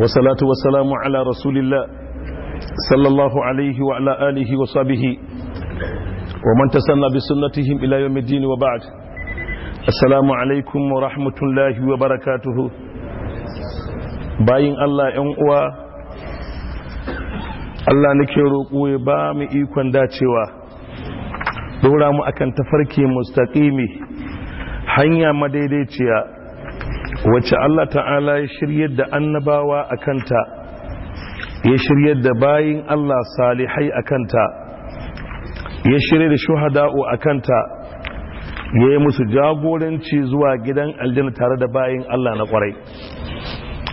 والصلاة والسلام على رسول الله صلى الله عليه وعلى آله وصحبه ومن تسنى بسنتهم إلى يوم الدين وبعد السلام عليكم ورحمة الله وبركاته باين الله ينقوى الله نكيرو قوي بام إيكوان داتشوا دورا مؤكن تفركي مستقيمي hanya madaidaiciya wacce Allah ta'ala ya shiryar da annabawa a kanta ya shiryar da bayin Allah salihai a kanta ya shirya da shuhada'u a kanta ya yi musu jagoranci zuwa gidan aljanna tare da bayin Allah na kwarai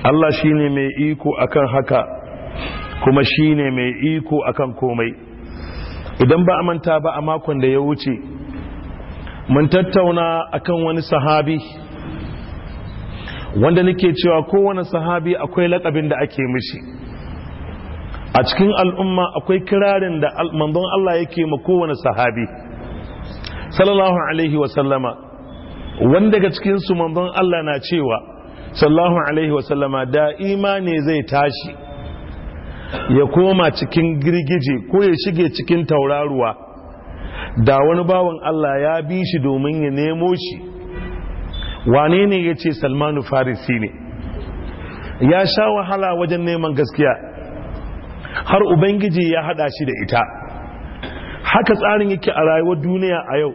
Allah shi ne mai iko akan haka kuma shi ne mai iko akan komai idan ba a manta ba a makon da ya wuce mun tattauna akan wani sahabi wanda nake cewa kowane sahabi akwai lakabin da ake mishi a cikin al'umma akwai kirarin da manzon Allah yake ma kowane sahabi sallallahu alaihi wa sallama wanda daga cikin su manzon Allah na cewa sallallahu alaihi wa sallama da imani zai tashi ya koma cikin girgije ko ya shige cikin tauraruwa da wani bawan Allah ya bi shi domin ya nemo shi wane ne ya ce salmanu farisi ne ya sha wahala wajen neman gaskiya har ubangiji ya hada shi da ita haka tsarin yake a rayuwar duniya a yau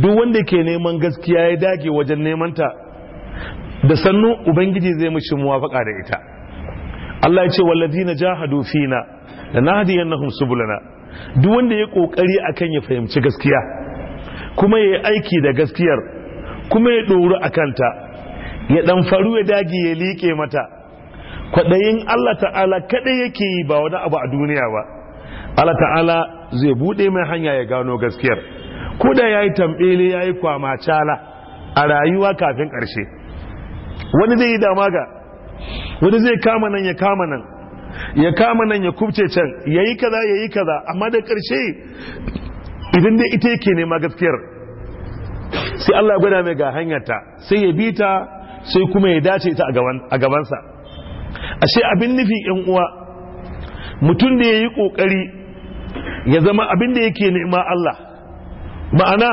duk wanda ke neman gaskiya ya dage wajen nemanta da sannu ubangiji zai mushi muwafaka da ita Allah ya ce na jahadu fina lanahdiyannahum subulana duk wanda ya kokari akan ya fahimci gaskiya kuma ya yi aiki da gaskiyar kuma ya ɗoru a kanta ya ɗan faru ya dage ya liƙe mata kwaɗayin Allah ta'ala kaɗai yake yi ba wani abu a duniya ba Allah ta'ala zai buɗe mai hanya ya gano gaskiyar ko da ya yi tambele ya yi kwama cala a rayuwa kafin ƙarshe wani zai yi damaga wani zai kama nan ya kama nan ya kama nan ya kubce can ya yi kaza ya yi kaza amma da ƙarshe idan dai ita yake nema gaskiyar sai Allah ya gwada mai ga hanyarta sai ya bita sai kuma ya dace ta a gabansa ashe abin nufin yan uwa mutum da ya yi kokari ya zama abin da yake nema Allah ma'ana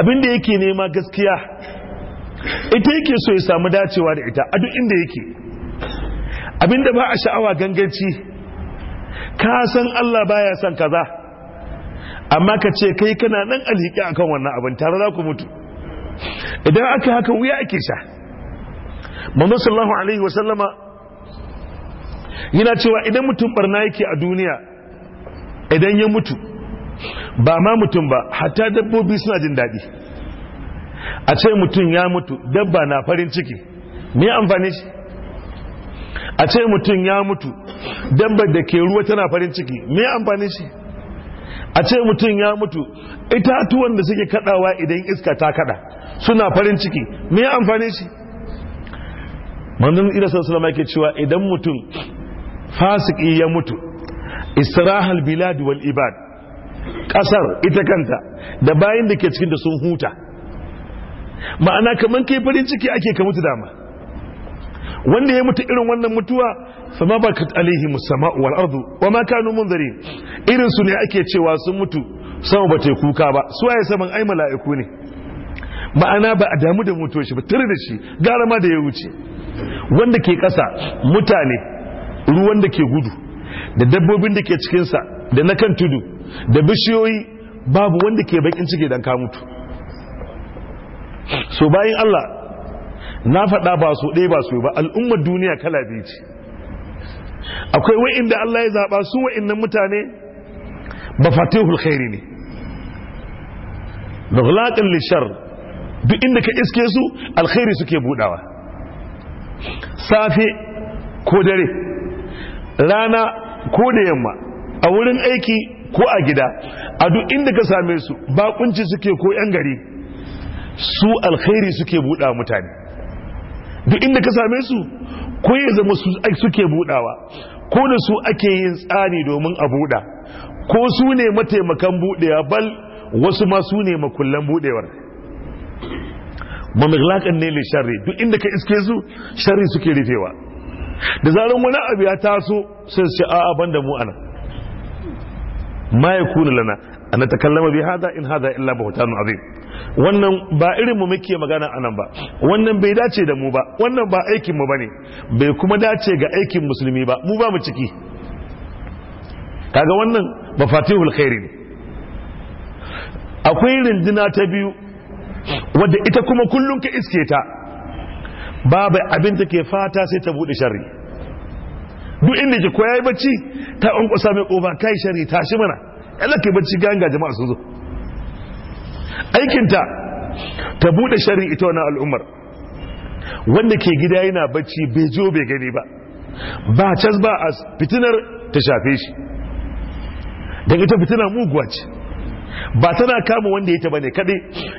abin da yake nema gaskiya ita yake so ya samu dacewa da ita a duk inda yake abin da ba a sha'awa ganganci ka san Allah baya son kaza amma ka ce kai kana nan alhiki akan wannan abin tare za ku mutu idan aka haka wuya ake sha manzo sallallahu alaihi wasallama yana cewa idan mutum barna yake a duniya idan ya mutu ba ma mutum ba hatta dabbobi suna jin daɗi a ce mutum ya mutu dabba na farin ciki me amfani shi a ce mutum ya mutu dabbar da ke ruwa tana farin ciki me amfani shi a ce mutum ya mutu itatuwan da suke kadawa idan iska ta kada suna farin ciki me ya amfane shi manzon ira sallallahu yake cewa idan mutum fasiki ya mutu istirahal bilad wal ibad kasar ita kanta da bayin da ke cikin da sun huta ma'ana kaman kai farin ciki ake ka mutu dama wanda ya mutu irin wannan mutuwa fama bakat alaihim as uwar wal ardu ma kanu munzirin irin su ne ake cewa sun mutu sama ba ta kuka ba su waye saman ai mala'iku ne ma'ana ba a damu da mutuwar shi ba tare da shi gara ma da ya wuce wanda ke kasa mutane ruwan da ke gudu da dabbobin da ke cikinsa da na kan tudu da bishiyoyi babu wanda ke bakin ciki dan ka mutu so bayan Allah na faɗa ba su ɗaya ba su ba al'ummar duniya kala biyu ce akwai da Allah ya zaɓa su nan mutane ba fatihul khairi ne mughlaqin lishar duk inda ka iske su alkhairi suke budawa safe ko dare rana ko da yamma a wurin aiki ko a gida a duk inda ka same su bakunci suke ko yan gari su alkhairi suke buɗa mutane duk inda ka same su ko ya zama suke budawa ko da su ake yin tsari domin a buɗa, ko su ne mataimakan budewa bal wasu ma su ne makullan budewar mamiglakan ne le sharri duk inda ka iske su shari suke rufewa da zaran wani abu ya taso sai su ce a'a banda mu anan ma ya kuna lana an takallama bi hada in hada illa buhtanun azim wannan ba irin mu muke magana anan ba wannan bai dace da mu ba wannan ba aikin mu bane bai kuma dace ga aikin musulmi ba mu ba mu ciki kaga wannan mafatihul khairi ne akwai rinduna ta biyu wadda ita kuma kullum ka iske ta babu abin take fata sai ta bude sharri duk inda ki koyayi bacci ta unkusa mai kofa kai sharri tashi mana yana yi bacci gayan ga jama'a sun zo aikinta ta buɗe shari'a ita wani al'ummar wanda ke gida yana bacci bai jo bai gani ba ba cas ba a fitinar ta shafe shi don ita fitina muguwa ce ba tana kama wanda ya taba ne kaɗai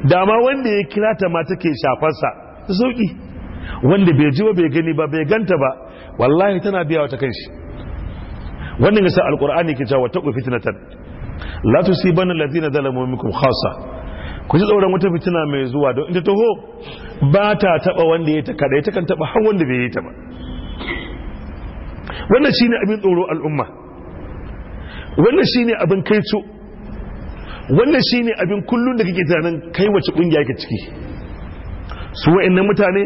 dama wanda ya kira ta ma take shafarsa ta sauƙi wanda bai jiwa bai gani ba bai ganta ba wallahi tana biya wata kanshi wannan yasa alqur'ani ke cewa ta fitnatan la tusibanna allazina zalamu minkum khassa ku ji tsoron wata fitina mai zuwa don ita taho ba ta taba wanda ya ta kada ita kan taba har wanda bai yi ta ba wannan shine abin tsoro al'umma wannan shine abin kaico wannan shine abin kullun da kake tunanin kai wace kungiya ke ciki su wa'annan mutane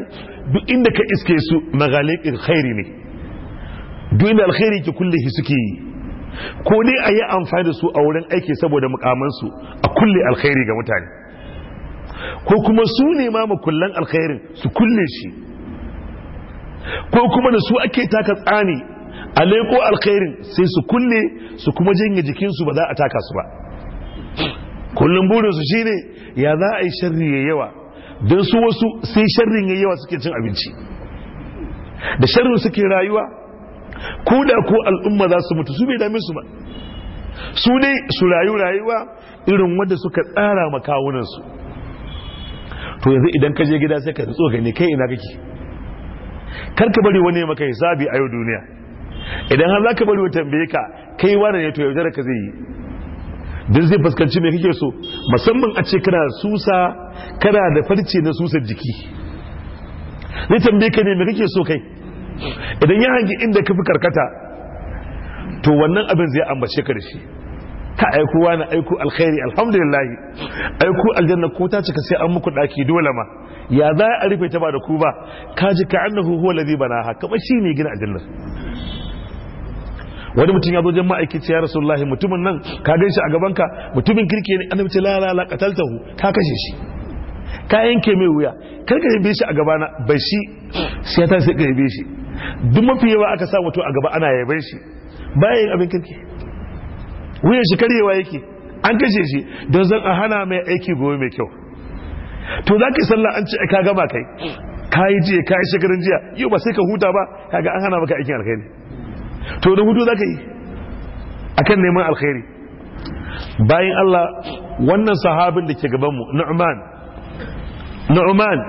duk inda ka iske su magalikin khairi ne duk inda alkhairi ke kulle suke yi ko ne a yi amfani da su a wurin aiki saboda mukamansu a kulle alkhairi ga mutane ko kuma su ne ma makullan alkhairin su kulle shi ko kuma da su ake taka tsani a leko alkhairin sai su kulle su kuma janye jikinsu ba za a taka su ba kullum burinsu ne ya za a yi sharri ya yawa don su wasu sai sharrin ya yawa suke cin abinci da sharrin suke rayuwa ko da ko al'umma za su mutu su bai dame su ba su dai su rayu rayuwa irin wanda suka tsara makawunansu to yanzu idan ka je gida sai ka tso gani kai ina kake kar ka bari wani maka hisabi a yau duniya idan har zaka bari wata tambaye ka kai wani ne to yaudara ka zai yi din zai fuskanci me kake so musamman a ce kana susa kana da farce na susar jiki zai tambaye ka ne me kake so kai idan ya hangi inda kafi fi karkata to wannan abin zai ambace ka da shi ka aiko wani aiko alkhairi alhamdulillah aiko aljanna ko ta cika sai an muku daki dole ma ya za a rufe ta ba da ku ba ka ji ka annahu huwa ladhi banaha kamar shi ne gina aljanna wani mutum ya zo jan ma'aikaci ya rasulullahi mutumin nan ka gan shi a gabanka mutumin kirki ne annabi ce la la la qataltahu ka kashe shi ka yanke mai wuya kar ka yi shi a gabana bai shi sai ta sai ka yi shi duk mafi yawa aka sa mutum a gaba ana yaban shi bayan abin kirki wuyan shi karyewa yake an kashe shi don zan a hana mai aiki gobe mai kyau to za ka yi sallah an ce ka gama kai ka yi jiya ka yi shekarun jiya yau ba sai ka huta ba Ka kaga an hana maka aikin alkhairi to da hutu za ka yi akan neman alkhairi bayan Allah wannan sahabin da ke gabanmu Nu'man Nu'man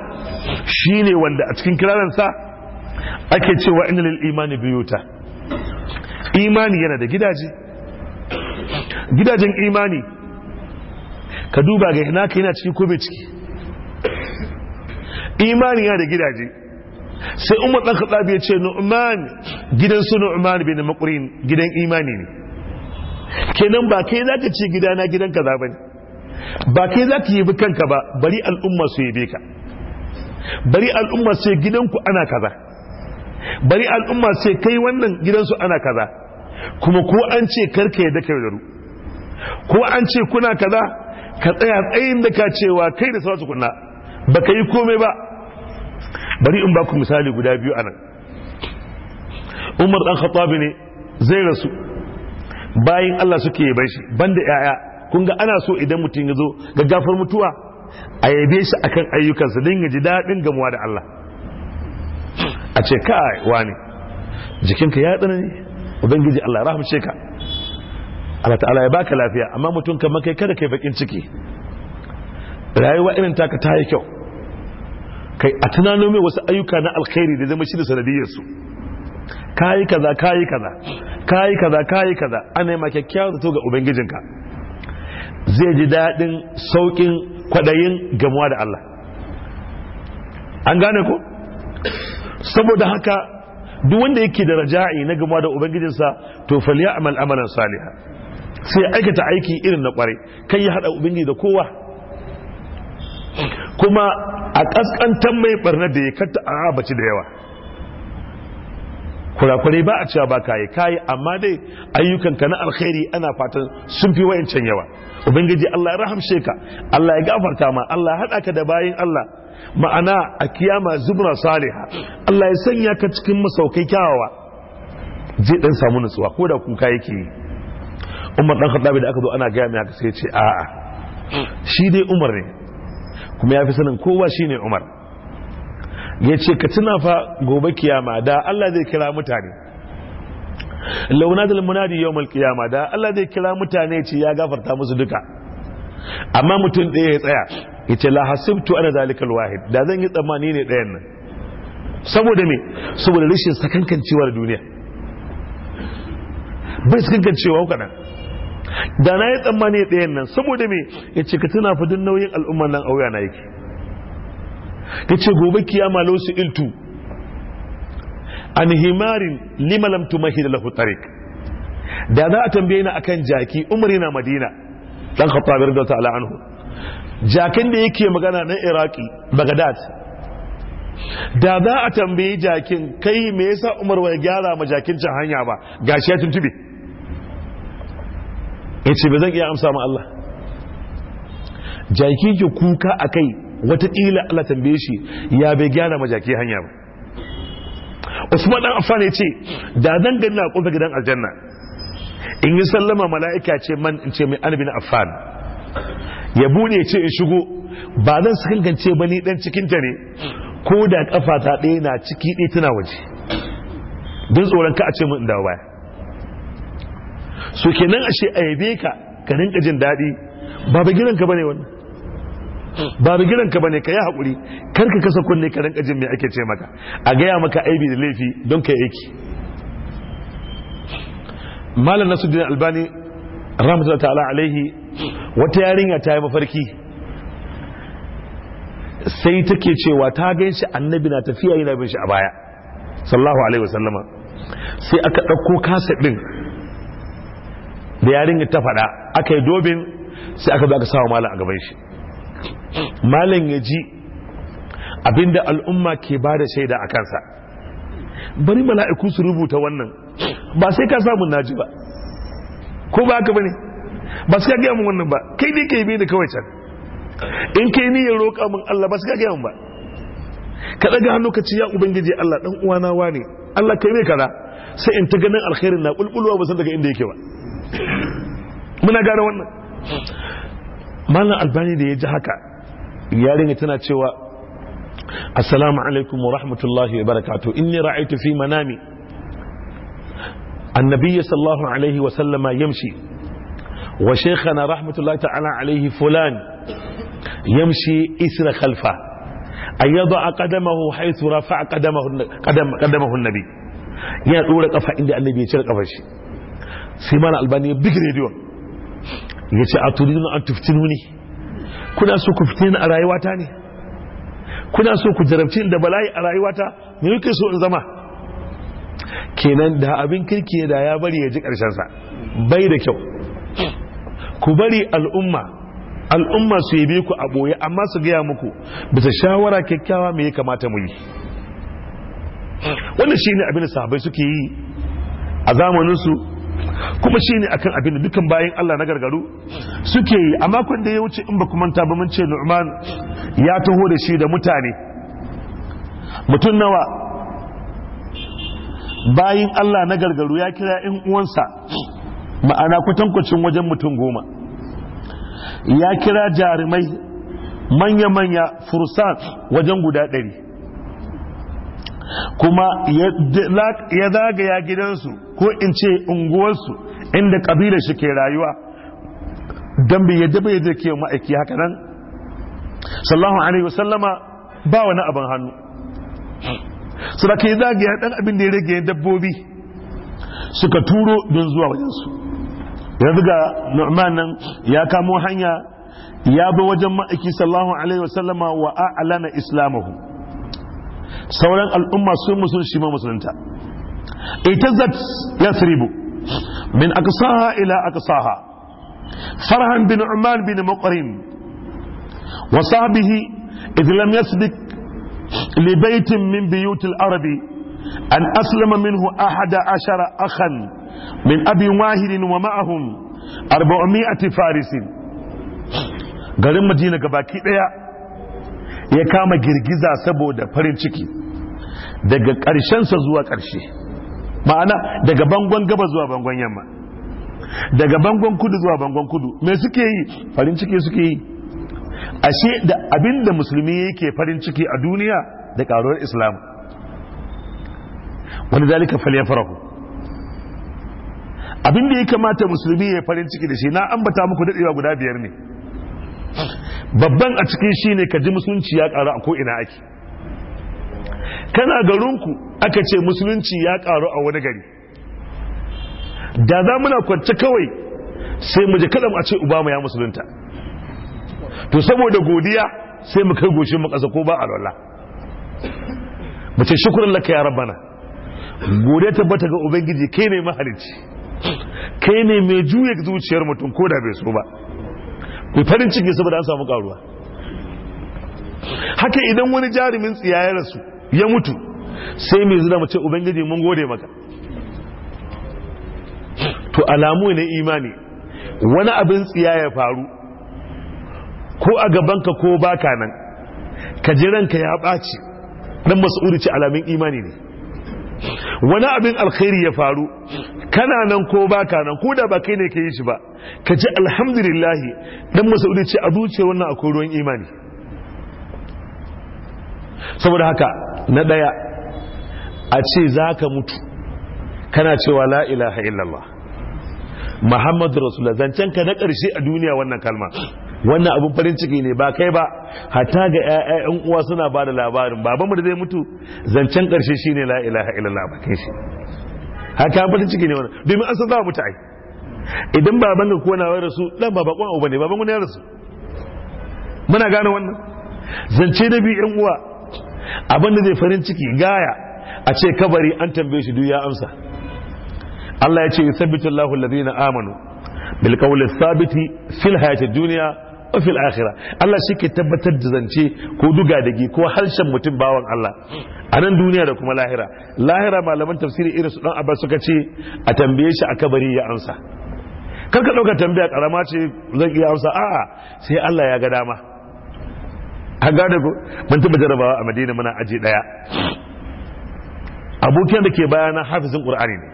ne wanda a cikin kiraransa ake cewa ina lil imani biyuta imani yana da gidaje gidajen imani ka duba ga yana ciki ko bai ciki imani yana da gidaje sai umar ɗan kaɗabi ya ce nu'man gidan su nu'man bin makurin gidan imani ne kenan ba kai za ka ce gidana gidan kaza ba ne ba kai za ka yabi kanka ba bari al'umma su yabe ka bari al'umma su gidanku ana kaza bari al'umma sai kai wannan gidansu ana kaza kuma ko an ce karka ya daka yaudaru ko an ce kuna kaza ka tsaya tsayin da ka cewa kai da sauransu kunna ba ka yi komai ba bari in ba ku misali guda biyu anan umar dan khattabi ne zai rasu bayan Allah suke yabe shi banda yaya kun ga ana so idan mutum ya zo gafar mutuwa a yabe shi akan ayyukansa don ya ji daɗin gamuwa da Allah a ce kai wani jikinka ya tsanani ubangiji Allah ya rahmace ka Allah ta'ala ya baka lafiya amma mutum kamar kai kada kai bakin ciki rayuwa irin taka ta yi kyau kai a tunanin mai wasu ayyuka na alkhairi da zama shi da sanadiyarsu kayi kaza kayi kaza kayi kaza kayi kaza ana yi ma kyakkyawar zato ga ubangijinka zai ji daɗin sauƙin kwaɗayin gamuwa da Allah an gane ku saboda haka duk wanda yake da raja'i na gama da ubangijinsa to falyamal amalan saliha sai aikata aiki irin na kwarai kai ya hada ubangiji da kowa kuma a kaskantar mai barna da ya kanta a abaci da yawa kurakurai ba a cewa ba kayi kayi amma dai ayyukanka na alkhairi ana fatan sun fi wayancan yawa ubangiji Allah ya rahamshe ka Allah ya gafarta ma Allah ya hada ka da bayin Allah ma'ana a kiyama zubra saliha Allah ya sanya ka cikin masaukai kyawawa je dan samu nutsuwa ko da kuka yake yi Umar dan Khattabi da aka zo ana gaya mai haka sai ya ce a'a shi dai Umar ne kuma ya fi sanin kowa shine Umar ya ce ka tuna fa gobe kiyama da Allah zai kira mutane launa da munadi yau kiyama da Allah zai kira mutane ya ce ya gafarta musu duka amma mutum ɗaya ya tsaya yace la hasibtu ana zalikal wahid da zan yi tsammani ne ɗayan nan saboda me saboda rashin sakankancewa da duniya bai sakankancewa kaɗan da na yi tsammani ɗayan nan saboda me yace ka tuna fadin nauyin al'umman nan auya na yake yace gobe kiyama su iltu an himarin limalam tumahi da lahu tariq da za a tambaye ni akan jaki umri na madina dan khattab radiyallahu ta'ala anhu jakin da yake magana na iraki bagdad da za a tambayi jakin kai me yasa umar wai gyara ma jakin can hanya ba Ga shi ya tuntube ya ce ba zan iya amsa ma Allah jaki ke kuka a kai watakila Allah tambaye shi ya bai gyara ma jaki hanya ba usman dan affan ya ce da zan gani na kofa gidan aljanna in yi sallama mala'ika ce man in ce mai annabi na affan ya bude ce in shigo ba zan su kankance ba ni dan cikin ta ne ko da kafa ta ɗaya na ciki ɗaya tana waje don tsoron ka a ce mun dawo baya so kenan ashe a yabe ka ka rinka jin daɗi ba ba ka bane wannan ba ka bane ka yi hakuri kar ka kasa kunne ka rinka jin me ake ce maka a gaya maka aibi da laifi don ka yi aiki malam nasuddin albani rahmatullahi ta'ala alaihi wata yarinya ta yi mafarki sai take cewa ta gan shi annabi na tafiya yana bin shi a baya sallahu alaihi wasallama sai aka ɗauko kasa ɗin da yarinya ta faɗa aka yi dobin sai aka aka sawa malam a gaban shi malam ya ji abinda al'umma ke ba da shaida a kansa bari mala'iku su rubuta wannan ba sai ka samu naji ba ko ba haka bane ba su ka gaya wannan ba kai ne kai bai da kawai can in kai ya roƙa mun Allah ba su ka gaya ba ka daga hannu ka ci ya ubangiji Allah dan uwana wane Allah kai ne kaza sai in ta ganin alkhairin na kulkulwa ba san daga inda yake ba muna gane wannan malam albani da ya ji haka yarinya tana cewa assalamu alaikum wa rahmatullahi wa barakatuh inni ra'aytu fi manami النبي صلى الله عليه وسلم يمشي wa shaykhana rahmatullahi ta'ala alaihi fulan yamshi isra khalfa ay yada qadamahu haythu rafa'a a qadamahu nabi ya dora kafa inda annabi ya cire kafar shi sai mana albani big radio ya ce a turidun an tuftinu ne kuna so ku fitin a rayuwata ne kuna so ku jarabci da bala'i a rayuwata me kuke so in zama kenan da abin kirki da ya bari ya ji karshen sa bai da kyau ku bari al'umma al'umma su yabe ku a boye amma su gaya muku bisa shawara kyakkyawa me ya kamata mu yi wannan ne abin da sahabai suke yi a zamaninsu shi kuma shine akan abin da dukan bayan Allah na gargaru suke yi Amma makon da ya wuce in ba ku manta ba mun ce Nu'man ya taho da shi da mutane mutum nawa bayan Allah na gargaru ya kira 'yan uwansa ma'ana kwatankwacin wajen mutum goma ya kira jarumai manya-manya fursan wajen guda ɗari kuma ya zagaya gidansu ko in ce unguwarsu inda ƙabilar shi ke rayuwa don bai yadda bai yadda ke ma'aiki haka nan sallahu alaihi wasallama ba wani abin hannu su da ka zagaya ɗan abin da ya rage dabbobi suka turo don zuwa wajensu yanzu ga nu'man nan ya kamo hanya ya bi wajen ma'aiki sallallahu alaihi wasallama wa a'lana islamahu sauran al'umma sun musulun shi ma musulunta ya yasribu min aqsaha ila aqsaha farhan bin uman bin muqrin wa sahbihi idh lam yasbik li baytin min buyut al-arab an aslama minhu ahada ashara akhan min abin wahidin wa ma'ahum arba'ami'ati farisin garin madina gabaki daya ya kama girgiza saboda farin ciki daga ƙarshensa zuwa ƙarshe ma'ana daga bangon gaba zuwa bangon yamma daga bangon kudu zuwa bangon kudu me suke yi farin ciki suke yi ashe da abinda musulmi yake farin ciki a duniya da ƙaruwar islam wani zalika falyafarahu abin da ya kamata musulmi ya farin ciki da shi na ambata muku dadewa guda biyar ne babban a cikin shi ne ka ji musulunci ya karu a ko'ina ake kana garinku aka ce musulunci ya karu a wani gari da za muna kwance kawai sai mu ji kalam a ce ubama ya musulunta to saboda godiya sai mu kai goshin makasa ko ba a mu ce shukurin laka ya rabana godiya tabbata ga ubangiji kai ne mahalicci kai ne mai juya zuciyar mutum ko da bai so ba ku farin ciki saboda an samu karuwa haka idan wani jarumin ya rasu ya mutu sai mai zina mace ubangiji mun gode maka to alamu ne imani wani abin tsiya ya faru ko a gabanka ko baka nan ka ranka ya ɓaci dan masu ce alamin imani ne wani abin alkhairi ya faru kana nan ko baka nan ko da ba kai ne ka yi shi ba ka ji alhamdulillah dan masaudi ce a zuciyar wannan akwai ruwan imani saboda haka na daya a ce za ka mutu kana cewa la ilaha illallah muhammadu rasulullah zancen ka na ƙarshe a duniya wannan kalma wannan abin farin ciki ne ba kai ba hatta ga ƴaƴan uwa suna ba da labarin babanmu da zai mutu zancen ƙarshe shine la ilaha illallah ba kai shi haka farin ciki ne wannan domin an san za mu ai idan baban ka ko na wai rasu dan ba bakon uba ne baban mu ne rasu muna gane wannan zance da bi ƴan uwa abin da zai farin ciki gaya a ce kabari an tambaye shi duk ya amsa Allah ya ce yuthabbitu Allahu alladhina amanu bil qawli thabiti fil hayati dunya fil akhirah Allah shi ke tabbatar da zance ko duga dagi ko harshen mutum bawan Allah a nan duniya da kuma lahira lahira malaman tafsiri irin su dan abba suka ce a tambaye shi a kabari ya ansa kar ka dauka tambaya karama ce zan iya amsa a'a sai Allah ya ga dama an gane ko mun taba jarabawa a Madina muna aji daya abokin da ke bayana hafizin Qur'ani ne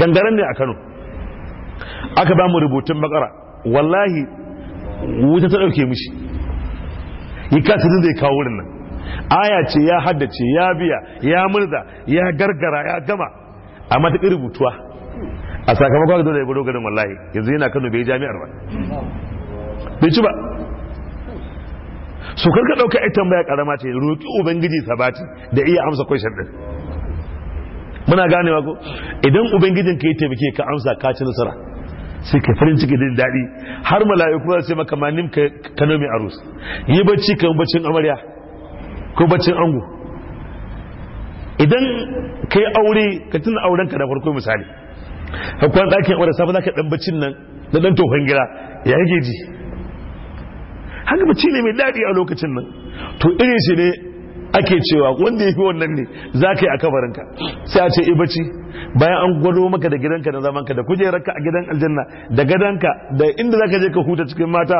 gangaren ne a Kano aka ba mu rubutun bakara wallahi wuta ta dauke mishi yi kasirin zai kawo wurin nan aya ce ya haddace ya biya ya murza ya gargara ya gama a ta rubutuwa a sakamakon haka zai gudu garin wallahi yanzu yana kano bai jami'ar ba bai ci ba su karka ɗauka ita tambaya karama ce roƙi ubangiji sabati da iya amsa kwai shaɗin muna ganewa ko idan ubangijin ka yi taimake ka amsa ka ci nasara sai ka farin ciki da daɗi har mala'iku za su maka manim ka kano mai arus yi bacci kamar baccin amarya ko baccin ango idan kai aure ka tuna auren ka da farko misali ka kwan ɗakin aure safa za ka ɗan baccin nan da ɗan tofan gira ya yake ji haka bacci ne mai daɗi a lokacin nan to irin shi ne ake cewa wanda ya fi wannan ne za ka yi a kabarinka sai a ce ibaci bayan an gwado maka da gidanka da zamanka da kujerarka a gidan aljanna da gadanka da inda za ka je ka huta cikin mata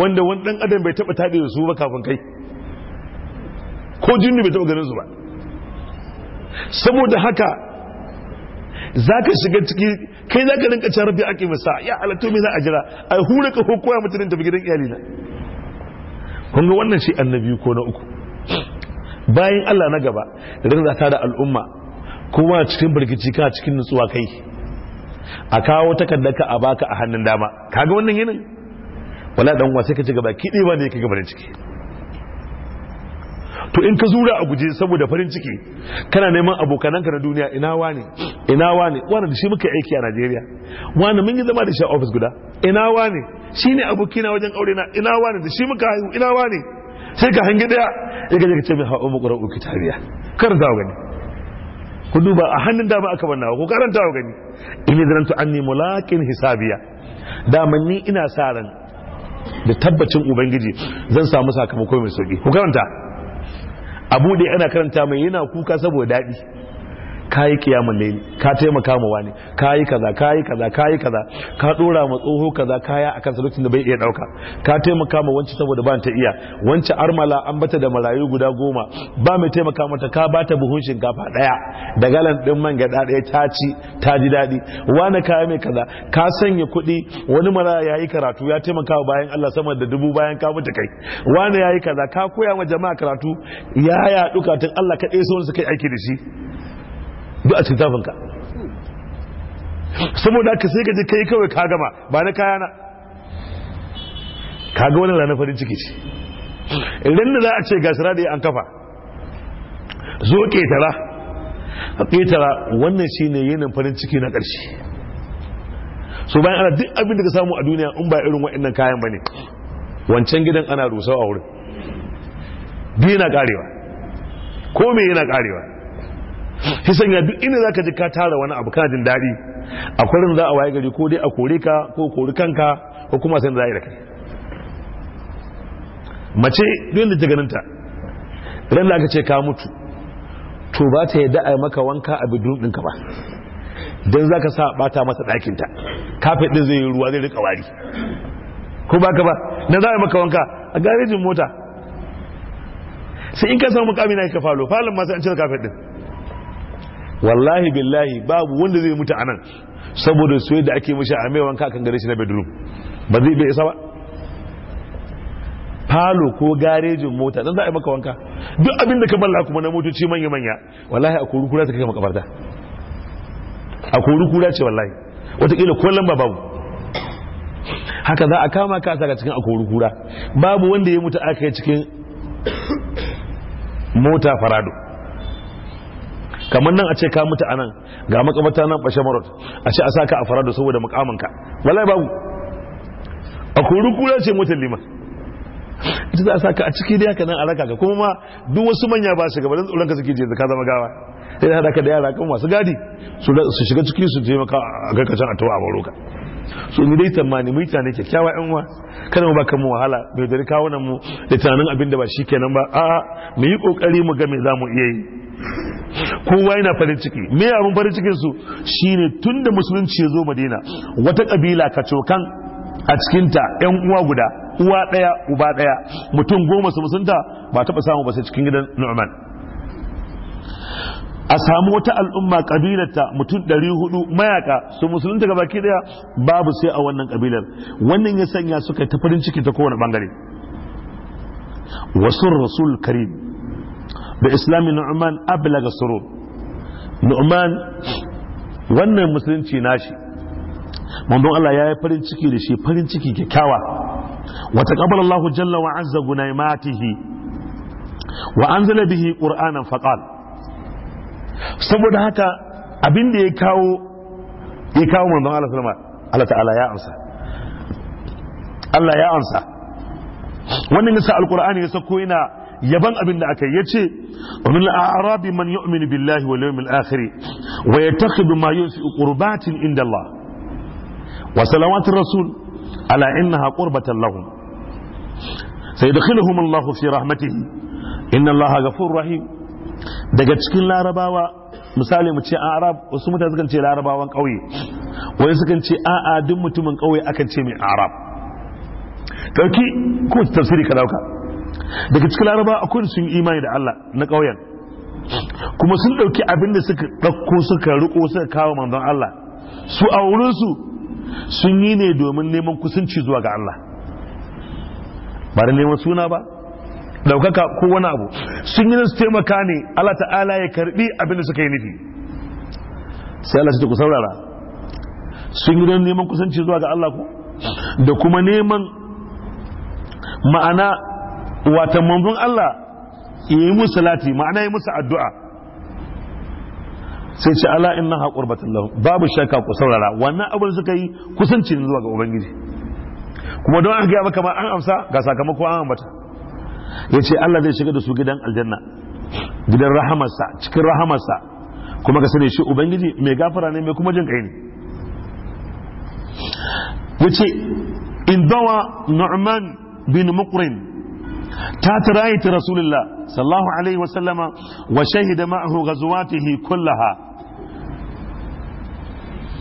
wanda wani dan adam bai taba taɗe da su ba kafin kai ko jinni bai taba ganin su ba saboda haka za ka shiga ciki kai za ka rinka rabbi ake masa ya halatto mai za a jira a hura ka ko koya mutanen tafi gidan iyalina kun ga wannan shi annabi ko na uku bayan Allah na gaba za ta da al'umma kuma cikin birgici ka cikin nutsuwa kai a kawo takardar ka a baka a hannun dama kaga wannan yinin wala dan uwa sai ka ci gaba kidi wanda ne kaga gaba ciki to in ka zura a guje saboda farin ciki kana neman abokananka na duniya ina wane ina wane wani da shi muka aiki a Najeriya wani mun yi zama da shi a office guda ina wane shine abokina wajen aure na ina wane da shi muka haihu ina wane sai ka hangi daya ya gaje ka ce mai haɓa kar za gani ku duba a hannun dama aka banna ku karanta wa gani in zanantu an nemo laƙin hisabiya dama ni ina sa ran da tabbacin ubangiji zan samu sakamako mai sauki ku karanta abu da ana karanta mai yana kuka saboda daɗi kayi kiyamul ne ka taimaka ma wani kayi kaza kayi kaza kayi kaza ka dora ma tsoho kaza kaya akan sa da bai iya dauka ka taimaka ma wanci saboda ba ta iya wanci armala an bata da marayu guda goma ba mai taimaka mata ka bata buhun shinkafa daya da galan din man gada daya ta ci ta ji dadi wani kaya mai kaza ka sanya kuɗi wani mara yayi karatu ya taimaka wa bayan Allah sama da dubu bayan ka mutu kai wani yayi kaza ka koya ma jama'a karatu ya yaɗu katin Allah kaɗai sauran su kai aiki da shi duk a cikin ka saboda ka sai ka je kai kawai ka gama ba na kaya na kaga wannan ranar farin ciki ce idan da za a ce gasira da an kafa zo ketara a ketara wannan shine yanayin farin ciki na ƙarshe so bayan ana duk abin da ka samu a duniya in ba irin wa'annan kayan ba ne wancan gidan ana rusau a wurin biyu na karewa ko me yana karewa shi sanya duk inda zaka ji ka tara wani abu kana jin dadi a kwarin za a waye gari ko dai a kore ka ko kori kanka ko kuma san za a yi da kai mace duk da ta ta, ran da aka ce ka mutu to ba ta yadda a maka wanka a bidun ɗinka ba dan za ka sa bata masa ɗakinta kafin din zai yi ruwa zai rika wari ko ba ka ba na za a maka wanka a garejin mota sai in ka samu kamina na ka falo falon masu an cire kafin din. wallahi billahi babu wanda zai mutu anan saboda su da ake mishi a maiwan wanka kan gare shi na bedroom ba zai bai isa ba falo ko garejin mota dan za a yi maka wanka duk abin da ka balla kuma na motoci manya manya wallahi a kori kura ta kai maka a kori kura ce wallahi wataƙila ko lamba babu haka za a kama ka saka cikin a kori kura babu wanda ya mutu aka yi cikin mota farado kamar nan a ce ka mutu anan ga makamata nan bashe marot a ce a saka a farado saboda makamanka ka wallahi babu a kuru kura ce motar liman ita za a saka a ciki da haka nan a raka ka kuma ma duk wasu manya ba su gaba don tsoron ka suke je ka zama gawa sai da haka da yara kan masu gadi su shiga ciki su je maka a karkashin tawa a baro ka so ni dai tamani mu tane kyakkyawa yan uwa kada mu ba kanmu wahala bai dare kawo nan mu da tunanin abin da ba kenan ba a'a mu yi kokari mu ga me zamu iya yi kowa yana farin ciki me abin farin cikin su shine da musulunci ya zo madina wata kabila ka cokan a cikinta yan uwa guda uwa daya uba daya mutum goma su musunta ba taɓa samu ba sai cikin gidan nu'man a samu wata al'umma kabilarta mutum ɗari hudu mayaka su musulunta ki daya babu sai a wannan kabilar wannan ya sanya suka ta farin ciki ta kowane bangare wasu rasul karim da islami nu'man ablaga surur nu'man wannan musulunci nashi manzon Allah ya yi farin ciki da shi farin ciki kyakkyawa wa taqabbala Allah jalla wa azza gunaimatihi wa anzala bihi qur'anan faqal saboda haka abin da ya kawo ya kawo manzon Allah sallama Allah ta'ala ya amsa Allah ya amsa wannan nisa alqur'ani ya sako yana yaban abin da aka yi yace ce min arabi man yu'minu billahi wa yawmil akhir wa yattakhidhu ma yunsi qurbatin inda Allah wa salawatu rasul ala innaha qurbatan lahum sayadkhiluhum Allah fi rahmatihi inna Allah ghafurur rahim daga cikin larabawa misali mu ce arab wasu mutane sukan ce larabawan ƙauye wani sukan ce a'a duk mutumin ƙauye akan ce mai arab ɗauki ko tafsiri ka dauka daga cikin laraba akwai sun yi imani da Allah na ƙauyen kuma sun ɗauki abin da suka ɗauko suka riko suka kawo manzon Allah su a wurinsu sun yi ne domin neman kusanci zuwa ga Allah ba da neman suna ba ɗaukaka ko wani abu sun yi su taimaka ne Allah ta'ala ya karɓi abin da suka yi nufi sai Allah ta ku saurara sun yi neman kusanci zuwa ga Allah da kuma neman ma'ana wata manzon Allah yi musu salati ma'ana yi musu addu'a sai ce ala inna ha qurbatul lahu babu shakka ku saurara wannan abin suka yi kusanci ne zuwa ga ubangiji kuma don an ga maka ma an amsa ga sakamako an ambata yace Allah zai shiga da su gidan aljanna gidan rahamarsa cikin rahamarsa kuma ka sani shi ubangiji mai gafara ne mai kuma jin kai ne yace in dawa nu'man bin muqrin ta راية ta الله wa الله عليه وسلم وشهد معه غزواته كلها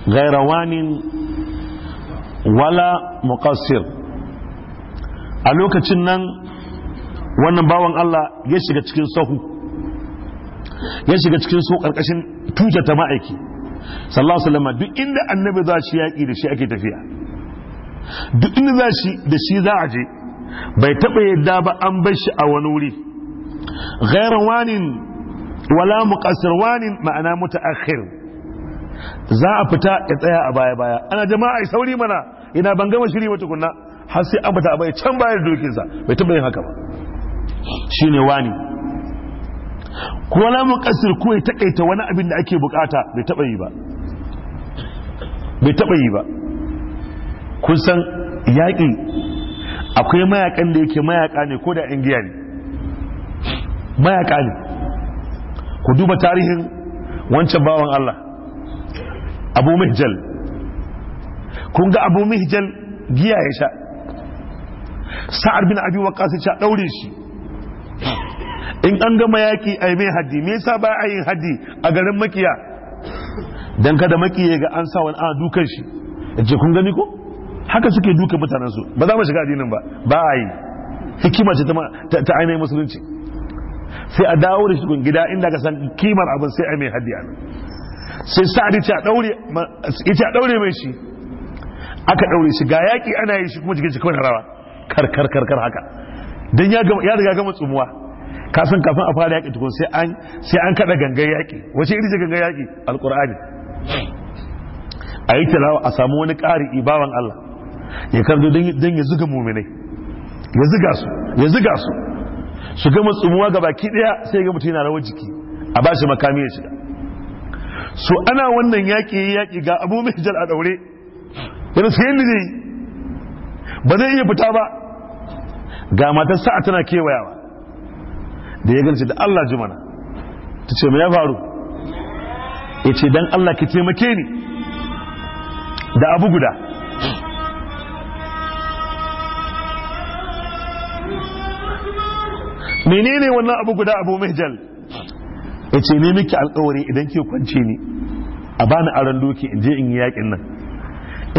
غير وان Wala مقصر a lokacin nan wannan bawan Allah ya shiga cikin sahu ya shiga cikin su karkashin tuta ta ma'aiki sallallahu alaihi wasallam duk inda annabi za shi yaki da shi ake tafiya duk inda za shi da shi za a je bai taɓa yadda ba an bar shi a wani wuri ghairan wanin wala muqassir wanin ma'ana mutaakhir za a fita ya tsaya a baya baya ana jama'a ai sauri mana ina ban gama shiri ba tukunna har sai an fita a baya can bayar dokinsa bai taɓa yin haka ba shine wani ko wala muqassir ko ya takaita wani abin da ake bukata bai taɓa yi ba bai taɓa yi ba kun san yaƙi akwai mayakan da yake mayaka ne ko da yan giya ne mayaka ne ku duba tarihin wancan bawan Allah abu mihjal kun ga abu mihjal giya ya sha sa'ar bin abi waqas ya ɗaure shi in an ga mayaki a yi mai haddi me yasa ba a yin haddi a garin makiya dan kada makiya ga an sa wani a dukan shi ce kun gani ko haka suke duka mutanensu ba za mu shiga addinin ba ba a yi hikima ce ta ainihin musulunci sai a dawo da shi gida inda ka san kimar abin sai a mai haddi a nan sai sa'adi ce a daure mai shi aka daure shi ga yaƙi ana yi shi kuma jikin shi kawai rawa kar kar kar kar haka don ya riga gama tsumuwa san kafin a fara yaƙi tukun sai an sai an kada gangan yaƙi wace iri ce gangan yaƙi alƙur'ani a yi tilawa a samu wani ƙari ibawan Allah ya kardo don ya zuga muminai ya zuga su ya zuga su su gama tsumuwa ga baki ɗaya sai ga mutum yana rawar jiki a ba shi makami ya shiga su ana wannan yaƙi ya yaƙi ga abu mai jar a ɗaure. wani sai yin zai ba zai iya fita ba ga matar sa'a tana kewayawa da ya gani da Allah mana ta ce mai ya faru ya ce don Allah ki taimake ni da abu guda Mene ne wannan abu guda abu mai jal ya ce ne miki alkawari idan ke kwance ni a bani aron doki in je in yi yakin nan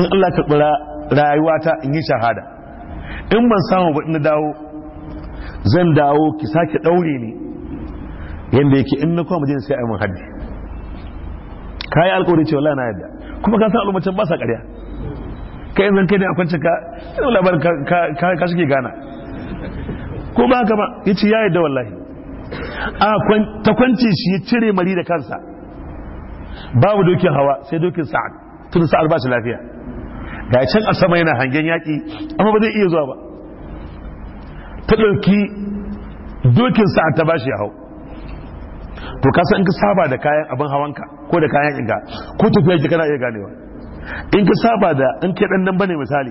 in Allah ka tsira rayuwata in yi shahada in ban samu ba ina dawo zan dawo ki sake daure ni yanda yake in na koma sai a mun haddi kai alkawari ce wallahi na yadda kuma ka san al'ummacin ba sa Ka kai zan kai ne a kwance ka ka shige gana ko ba haka ba ya ce ya yadda wallahi a ta kwance shi ya cire mari da kansa babu dokin hawa sai dokin sa'ad tun sa'ad ba shi lafiya ga can a sama yana hangen yaƙi amma ba zai iya zuwa ba ta ɗauki dokin sa'ad ta bashi ya hau to ka san in ka saba da kayan abin hawanka ko da kayan inga ko tafiya ki kana iya ganewa in ka saba da in ke dan ba bane misali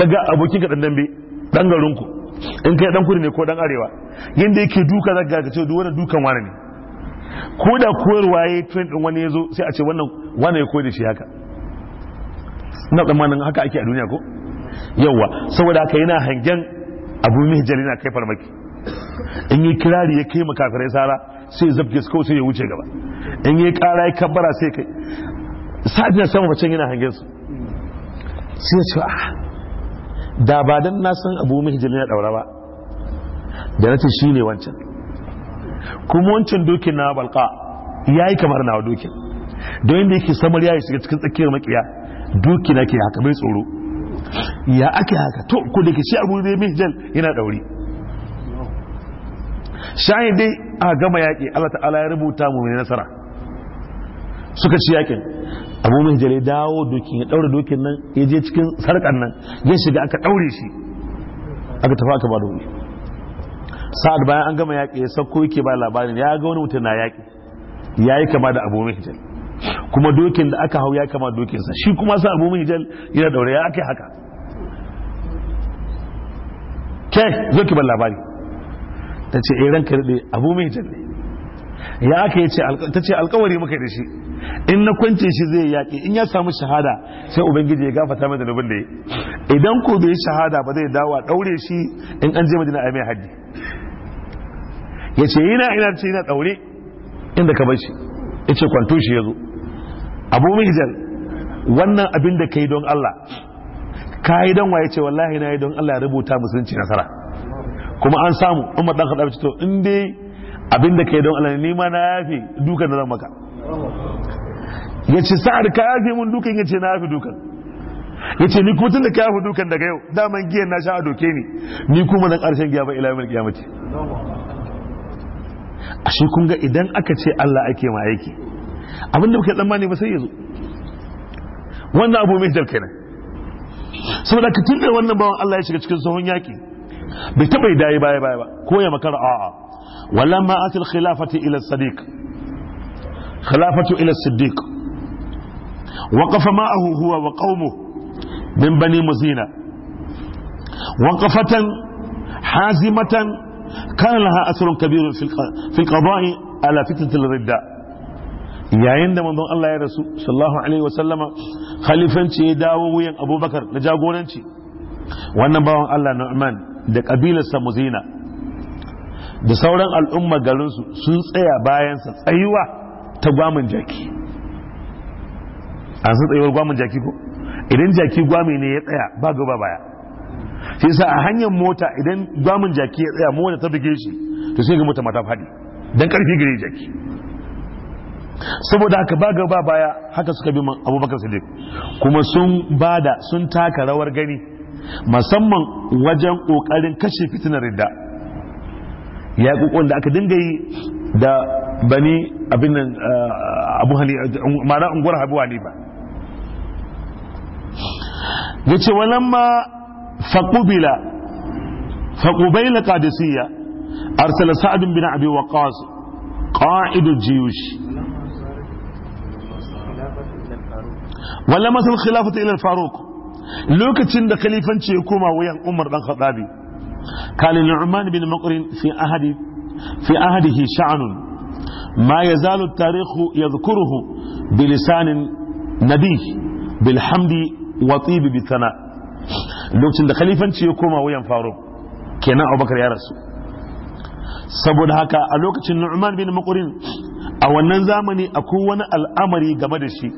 kaga abokin ka dan dambe dan garinku in kai dan kudu ne ko dan arewa yanda yake duka zaka ga cewa duk wannan dukan wani ne ko da koyarwa yayi trend din wani yazo sai a ce wannan wani ya koyar da shi haka ina tsammanin haka ake a duniya ko yawa saboda haka yana hangen abu mai jali na kai farmaki in yi kirari ya kai makafirai sara sai zabge su sai ya wuce gaba in yi kara ya kabbara sai kai sa'ad na sama bacin yana hangen su sai ya ce ah da ba dan na san abu mihjir na daura ba da nace ne wancan kuma wancan dokin na balqa yayi kamar na dokin don inda yake samar yayi shiga cikin tsakiyar makiya dokin nake haka bai tsoro ya ake haka to ko da ke shi abu mai yana dauri shayin dai a gama yaƙi Allah ta'ala ya rubuta mu mai nasara suka ci yakin abu mai jare dawo dokin ya daura dokin nan ya je cikin sarkan nan ya shiga aka daure shi aka tafi aka ba da wuri sa'ad bayan an gama yaƙi ya sauko yake ba labarin ya ga wani mutum na yaƙi ya yi kama da abu mai hijal kuma dokin da aka hau ya kama dokinsa shi kuma sa abu mai hijal yana daure ya aka haka ke zo ki ban labari ta ce eh ranka daɗe abu mai hijal ne ya aka yace ta ce alkawari muka da shi in na kwance shi zai yaƙi in ya samu shahada sai ubangiji ya gafata mai zanubin da ya idan ko bai shahada ba zai dawa a shi in an je madina a mai haddi ya ce yana ina ce yana ɗaure inda ka bar shi ya ce kwanto shi ya zo abu wannan abin da ka yi don allah ka yi don waye ce wallahi na yi don allah ya rubuta musulunci nasara kuma an samu umar dan khattab to in dai abinda ke don Allah ni ma na yafe dukan da zan maka yace sa'ar ka yafe mun dukan yace na yafe dukan yace ni ku tun da ka yafe dukan daga yau daman giyan na sha a doke ni ni kuma nan karshen giya ba ila kiyamati a ashe kun ga idan aka ce Allah ake ma aiki abinda muke tsammani ba sai ya zo wannan abu mai jar kenan saboda ka tunda wannan bawan Allah ya shiga cikin sahun yaki bai taba yi dai baya baya ba ko ya makara a'a ولما أتى الخلافة إلى الصديق خلافة إلى الصديق وقف معه هو وقومه من بني مزينة وقفة حازمة كان لها أثر كبير في القضاء على فتنة الردة يا عندما من الله يا رسول صلى الله عليه وسلم خليفة داوي أبو بكر لجاقون أنت وأنا الله نعمان دك أبيل السمزينة da sauran al'umma garinsu sun tsaya bayansa tsayuwa ta gwamin jaki an san tsayuwar gwamin jaki ko idan jaki gwami ne ya tsaya ba gaba baya shi sa a hanyar mota idan gwamin jaki ya tsaya mota ta buge shi to sai ga mota mata fadi dan karfi gare jaki saboda haka ba gaba baya haka suka bi abubakar sadiq kuma sun bada sun taka rawar gani musamman wajen kokarin kashe fitinar ridda ya kukun da aka dinga yi da bani abin nan abu hali ma'ana unguwar abu ba. ya ce walamma faƙubila faƙubaila qadisiyya arsala sa'ad bin abi waqas jiyushi. الجيوش ولما الخلافة إلى faruk. lokacin da khalifanci ya koma wayan umar dan khadabi قال النعمان بن مقر في أحد في أحده شعن ما يزال التاريخ يذكره بلسان نبيه بالحمد وطيب بالثناء لوكتن da khalifanci ya koma wuyan faru. kenan abubakar ya rasu saboda haka a lokacin nu'man bin makurin a wannan zamani akwai wani al'amari game da shi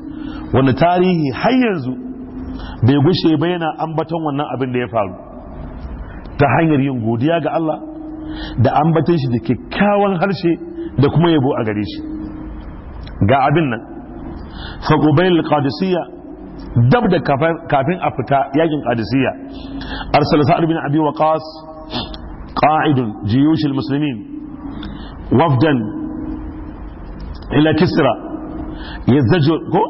wanda tarihi har yanzu bai gushe ba yana ambaton wannan abin da ya faru ta hanyar yin godiya ga Allah da ambaton shi da kyakkyawan harshe da kuma yabo a gare shi ga abin nan faqubail qadisiyya dab da kafin a fita yakin qadisiyya arsal sa'ad bin abi waqas ƙa'idun, jiyush almuslimin wafdan ila kisra yazajur ko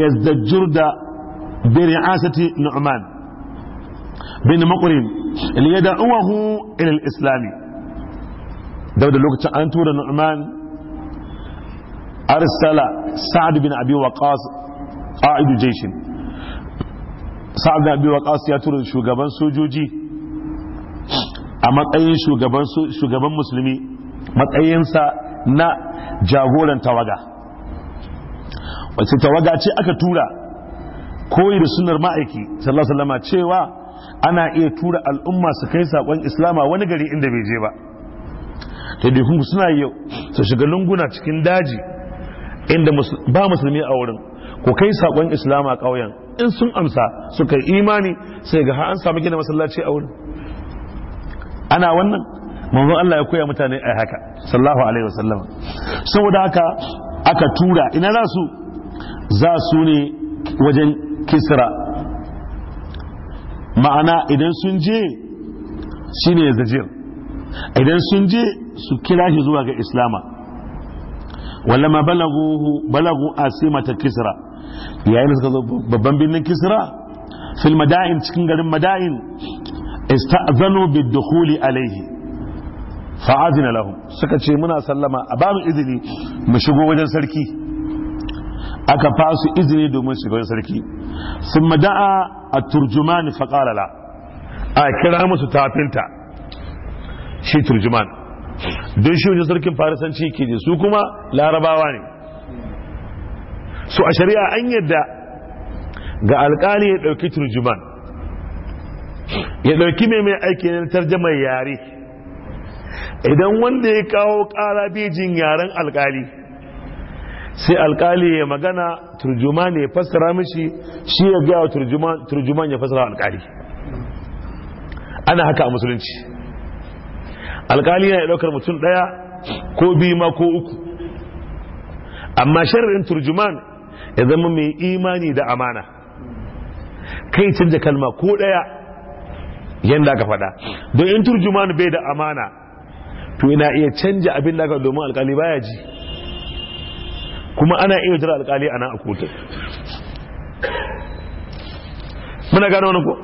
yazajur da bi nu'man bin makurin Ili ya liyada uwahu ilil islami da da lokacin an tura nu'man arsala sa'ad bin abi waqas qa'idu jayshin sa'ad bin abi waqas ya tura shugaban sojoji a matsayin shugaban shugaban musulmi matsayinsa na jagoran tawaga wace tawaga ce aka tura koyi da sunar ma'aiki sallallahu alaihi cewa ana iya tura al'umma su kai sakon islama wani gari inda bai je ba ta dukkan suna yau su shiga lunguna cikin daji inda ba musulmi a wurin ku kai sakon islama ƙauyen in sun amsa su kai imani sai ga an samu gina masallaci a wurin ana wannan manzo Allah ya koya mutane a haka Sallahu alaihi wasallam saboda haka aka tura ina za su za su ne wajen kisra ma'ana idan sun je shine zajir idan sun je su kira shi zuwa ga islama wallama balagu balagu asimata kisra yayin suka zo babban birnin kisra fil madain cikin garin madain ista'zanu bid-dukhuli alayhi fa'azina lahum suka ce muna sallama a babu izini mu shigo wajen sarki aka fasu izini domin shigar sarki sun mada'a a turjumani faƙalala a kira musu tafinta shi turjuman don shi wajen sarkin farisanci ke je su kuma larabawa ne su a shari'a an yadda ga alƙali ya ɗauki turjuman ya ɗauki mai mai aiki na tarjamar yare idan wanda ya kawo ƙara bejin yaren alƙali sai alkali ya magana ne ya fassara mishi shi ya gaya wa turjuma ya fassara alkali ana haka a musulunci alkali yana daukar mutum ɗaya ko biyu ma ko uku amma shirin turjuman ya zama mai imani da amana kai canja kalma ko daya yadda aka faɗa don in turjuman bai da amana to yana iya canja abin da aka domin alkali baya ji kuma ana iya jira alkali ana a kotun muna gano wani ko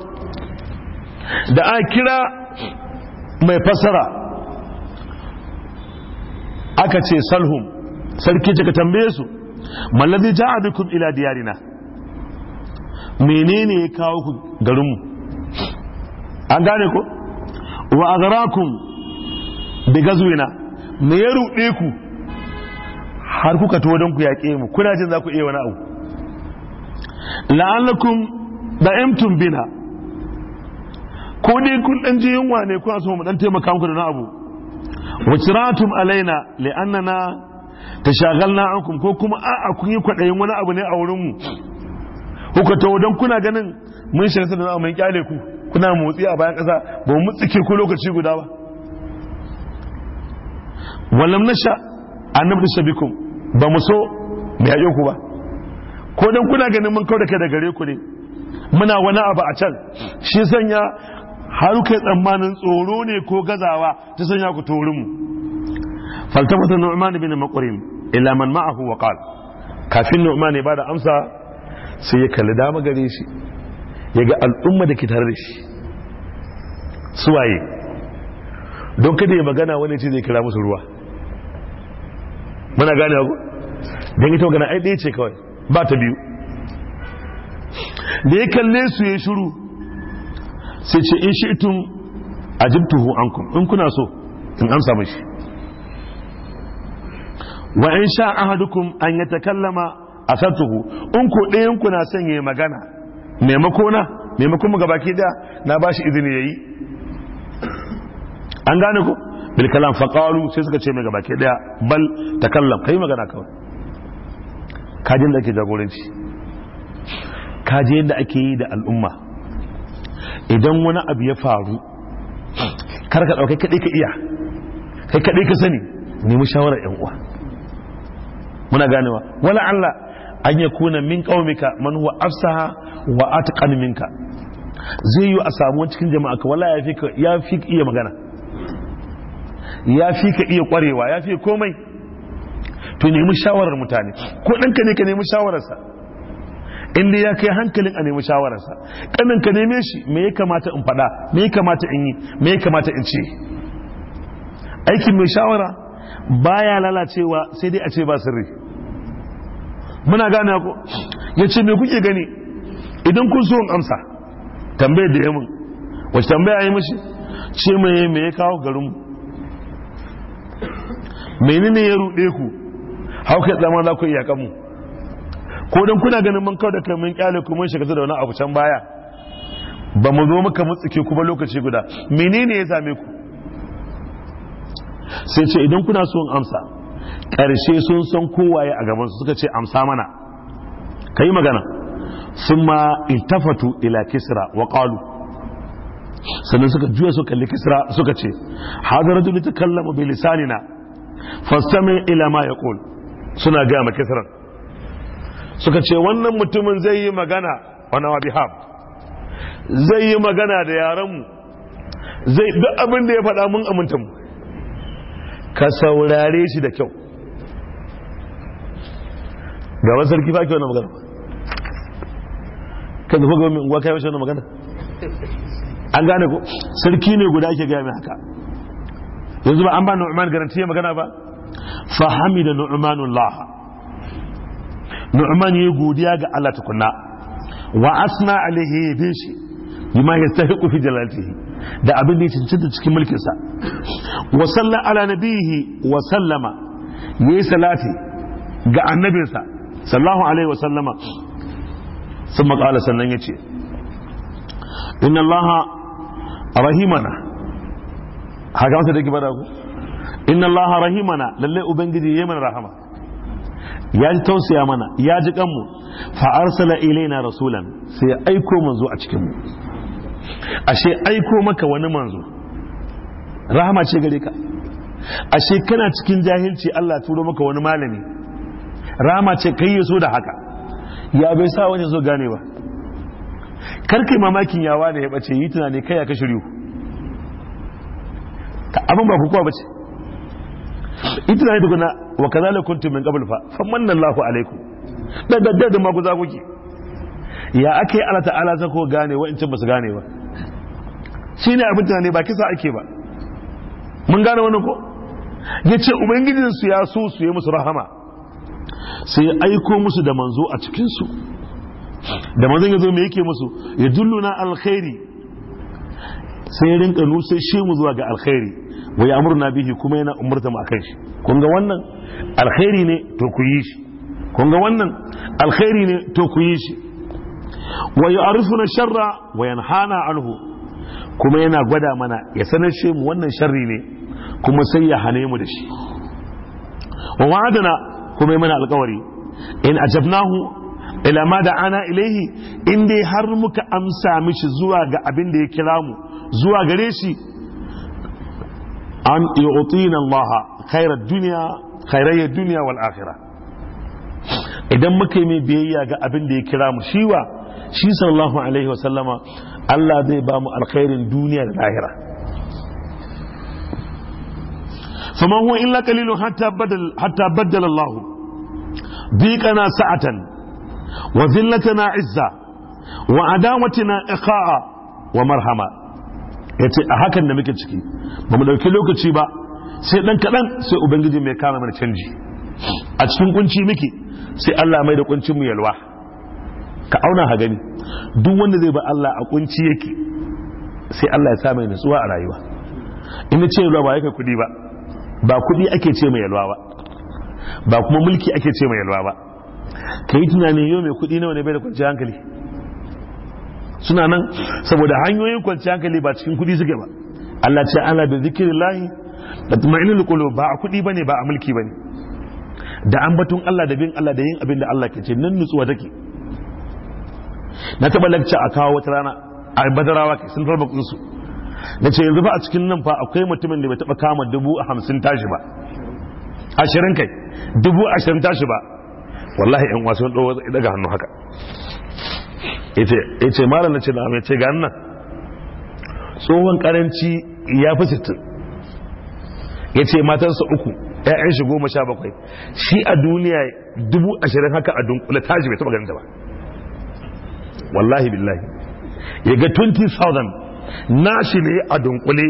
da a kira mai fasara aka ce salhun. sarki ce ka tambaye su mallabi ja bikum ila diyarina menene ya kawo ku garinmu an gane ku. wa ku da gazwina me ya rude ku har kuka to don ku yaƙe mu kuna jin za ku iya wani abu la'allakum da'imtum bina ko dai kun dan ji yunwa ne kuna so mu dan taimaka muku da na abu wa alaina li'annana tashagalna ankum ko kuma a'a kun yi kwaɗayin wani abu ne a wurin mu kuka to don kuna ganin mun shiga da abu mai kyale ku kuna motsi a bayan kasa ba mu tsike ku lokaci guda ba na sha. annabi sabikum ba mu so mu yaƙe ku ba ko dan kuna ganin mun kauda kai da gare ku ne muna wani abu a can shi sanya har kai tsammanin tsoro ne ko gazawa ta sanya ku torin mu faltamata nu'man ibn maqrim ila man ma'ahu wa qala kafin nu'man ba da amsa sai ya kalli dama gare shi ya ga al'umma da ke tare da shi suwaye don kada ya magana wani ce zai kira musu ruwa muna gane ku dan ita magana ai dai ce kawai ba ta biyu da ya kalle su ya shiru sai ce in shi itum ajibtuhu ankum in kuna so in amsa mashi wa in sha ahadukum an ya takallama a sattuhu in ko ɗayan na son ya magana maimako na maimakon mu gabaki da na bashi izini yayi an gane ku bil kalam fa qalu sai suka ce mai gabaki daya bal takallam kai magana kawai kajin da ake jagoranci kaje yadda ake yi da al'umma idan wani abu ya faru kar ka daukai ka iya kai ka sani nemi shawarar yan uwa muna ganewa wala Allah an yakuna min qaumika man huwa afsaha wa atqan minka zai yi a samu cikin jama'a ka wala ya fi iya magana ya fi ka iya kwarewa ya fi komai to nemi shawarar mutane ko ɗanka ne ka nemi shawararsa inda ya kai hankalin a nemi shawararsa ƙanin ka neme shi me ya kamata in faɗa me ya kamata in yi me ya kamata in ce aikin mai shawara baya lalacewa sai dai a ce ba sirri muna gane ku ya ce me kuke gani idan kun so in amsa tambaye da yamin wacce tambaya a yi mashi ce mai me ya kawo garinmu menene ya ruɗe ku hau kai tsama za ku iya kamu ko don kuna ganin mun kawo da kan mun kyale ku mun shiga da wani abu can baya ba mu zo muka mutsike ku ba lokaci guda menene ya same ku sai ce idan kuna son amsa ƙarshe sun san kowaye a gaban su suka ce amsa mana kai magana sun ma iltafatu ila kisra wa qalu sannan suka juya suka kalli kisra suka ce hadar rajul ta kallama bi lisanina fastami ila ma ya ƙul suna gaya ma suka ce wannan mutumin zai yi magana wani wa bihab zai yi magana da yarenmu. zai duk abin da ya faɗa mun aminta mu ka saurare shi da kyau gaban sarki ba ke wani magana kan zafi gaba mai unguwa kai wani magana an gane ko sarki ne guda ke gaya mai haka yanzu ba an ba nu'man garanti ya magana ba fa hamida nu'manullah nu'man yayi godiya ga Allah tukunna wa asna alaihi bishi shi bima yastahiqu fi jalalatihi da abin da ya cancanta cikin sa wa salla ala nabihi wa sallama yayi salati ga annabinsa Sallahu alaihi wa sallama sun maƙala sannan ya ce inna allaha rahimana haka wasu da yake bada ku inna allah rahimana lalle ubangiji yayi mana rahama ya ji tausaya mana ya ji kanmu fa arsala ilaina rasulan sai ya aiko manzo a cikin mu ashe aiko maka wani manzo rahama ce gare ka ashe kana cikin jahilci Allah turo maka wani malami rahama ce kai yaso da haka ya bai sa wani zo gane ba karkai mamakin yawa da ya bace yi tunani kai ya ka shiryu abin ba kokowa bace ita yi tukuna wa kazalika min qabl fa nan Allahu alaikum da da da maguza kuke ya ake alata ta'ala zako gane wa'ancin ba su gane ba shine abin tunani ba kisa ake ba mun gane wannan ko yace ubangijin su ya so su yi musu rahama sai aiko musu da manzo a cikinsu. da manzon ya zo me yake musu ya dulluna alkhairi sai ya rinka nusai shi mu zuwa ga alkhairi wa amurna bihi kuma yana umurta mu akan shi kun ga wannan alkhairi ne to ku yi shi kun ga wannan alkhairi ne to ku yi shi wa ya'rifuna sharra wa yanhana anhu kuma yana gwada mana ya sanar shi mu wannan sharri ne kuma sai ya hane mu da shi wa wa'adana kuma mana alkawari in ajabnahu ila ma da ana ilaihi in dai har muka amsa mishi zuwa ga abin da ya kira mu zuwa gare shi an yu'tina Allah khairar duniya khairayyar duniya wal akhirah idan muka yi mai biyayya ga abin da ya kira mu shiwa shi sallallahu alaihi wa sallama Allah zai ba mu alkhairin duniya da lahira faman huwa illa qalilun hatta badal hatta na Allah biqana sa'atan wa na izza wa adawatina iqa'a wa marhama ya ce a hakan da muke ciki ba mu ɗauki lokaci ba sai ɗan kaɗan sai ubangiji mai kama mana canji a cikin kunci muke sai allah mai da kuncin mu yalwa ka auna ha gani duk wanda zai ba allah a kunci yake sai allah ya sa mai nutsuwa a rayuwa in ce yalwa ba yake kuɗi ba ba kuɗi ake ce mai yalwa ba ba kuma mulki ake ce mai yalwa ba ka yi tunanin yau mai kuɗi nawa ne bai da kwanciyar hankali suna nan saboda hanyoyin kwanci hankali ba cikin kudi suke ba Allah ce ana da zikirin lahi da tumainin lukulu ba a kudi bane ba a mulki bane da ambaton Allah da bin Allah da yin abin da Allah ke ce nan nutsuwa take na taba lakci a kawo wata rana a badarawa ke sun farba kunsu na ce yanzu ba a cikin nan fa akwai mutumin da bai taba kama dubu a hamsin tashi ba ashirin kai dubu ashirin tashi ba wallahi yan wasu daga hannu haka ya ce mara na ce na mai ce gani nan tsohon karanci ya fi sittin ya ce matansa uku ‘ya'yan shi goma sha bakwai shi a duniya dubu ashirin haka a dunkula ta bai taba ganin ta ba wallahi billahi ya ga 20,000 shi ne a dunkule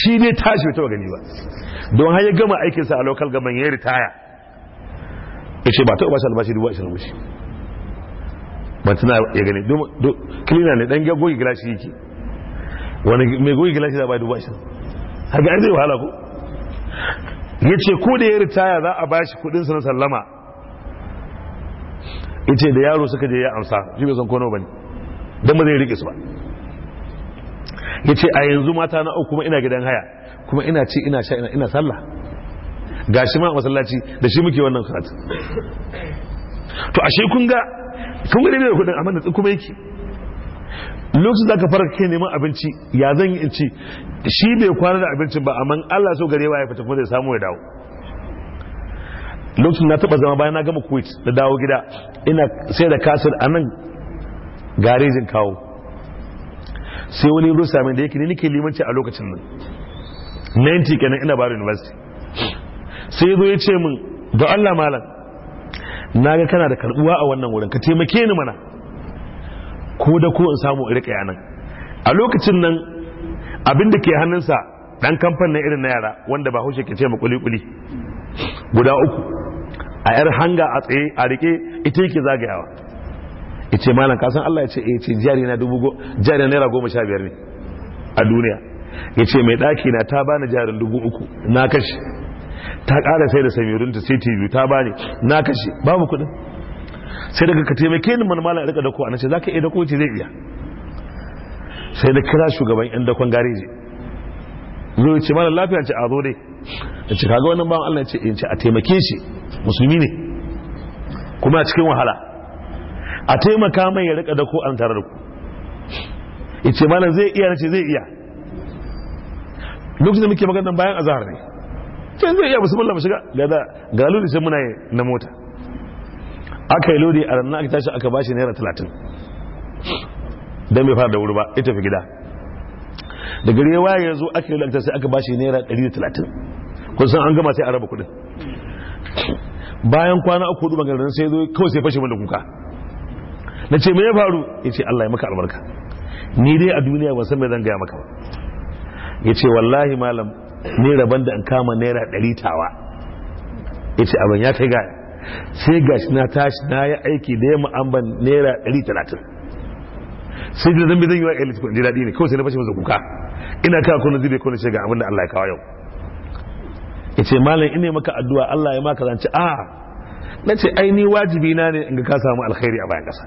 shi ne tashi bai taba gani ba don haya ya gama aikinsa a lokal gaban ya ritaya ya ce ba ta uba shi albashi dubu ashirin wuce ban tana ya gani kilina ne dan goyi gilashi yake wani mai goyi gilashi za ba duba shi har ga an wahala ko ya ce ko da ya ritaya za a bashi kudinsa na sallama ya ce da yaro suka je ya amsa shi bai san kono ba ne don ba zai riƙe su ba ya ce a yanzu mata na uku kuma ina gidan haya kuma ina ci ina sha ina sallah ga shi ma masallaci da shi muke wannan karatu to ashe kun ga sun ne da kudin amma nutsu kuma yake lokacin da ka fara kai neman abinci ya zan yi in ci shi bai kwana da abincin ba amma Allah so gare wa ya fita kuma zai samu ya dawo lokacin na taba zama bayan na gama kuwait da dawo gida ina sai da kasar a nan garejin kawo sai wani rusa sami da yake ne nike limanci a lokacin nan 90 kenan ina bari university sai zo ya ce min da Allah malam na ga kana da karbuwa a wannan wurin ka taimake ni mana ko da ko in samu rika yanan a lokacin nan abin da ke hannunsa dan kamfan na irin na yara wanda ba haushe ke ce ma kuli kuli guda uku a yar hanga a tsaye a rike ita yake zagayawa ce malam kasan Allah ya ce eh ce jari na dubu go jari na naira goma sha biyar ne a duniya ya ce mai ɗaki na ta bani jarin dubu uku na kashi ta ƙara sai da samirinta sai TV ta bani na kashe ba mu kudin sai daga ka taimake ni mana malam rika dako ana ce za ka iya dako ce zai iya sai da kira shugaban yan dakon gareji zai ce malam lafiya ce a zo dai A ce kaga wannan bawan Allah ce in eh, ce a taimake shi musulmi ne kuma a cikin wahala a taimaka mai ya rika dako an tare da ku Yace ce malam zai iya na ce zai iya lokacin da muke magana bayan azahar ne can zai iya bismillah mu shiga ga da ga sai muna na mota aka yi lodi a ranar aka tashi aka bashi naira talatin don bai fara da wuri ba ita fi gida da gari ya waye zo aka yi lantar sai aka bashi naira talatin. kun san an gama sai a raba kudin bayan kwana uku hudu maganar sai zo kawai sai fashe mana kuka na ce mai ya faru ya ce Allah ya maka albarka ni dai a duniya ban san mai zan gaya maka ba ya ce wallahi malam ne rabon da in kama naira ɗari tawa ya ce abin ya kai ga sai gashi na tashi na yi aiki da yamma an ban naira ɗari talatin sai da zan bi zan yi wa elite kwanji daɗi ne kawai sai na fashe masa kuka ina kawo kuna zube kuna ce ga abin da Allah ya kawo yau ya ce malam ina maka addu'a Allah ya maka zance a na ce ai ni wajibi na ne in ga ka samu alkhairi a bayan ƙasa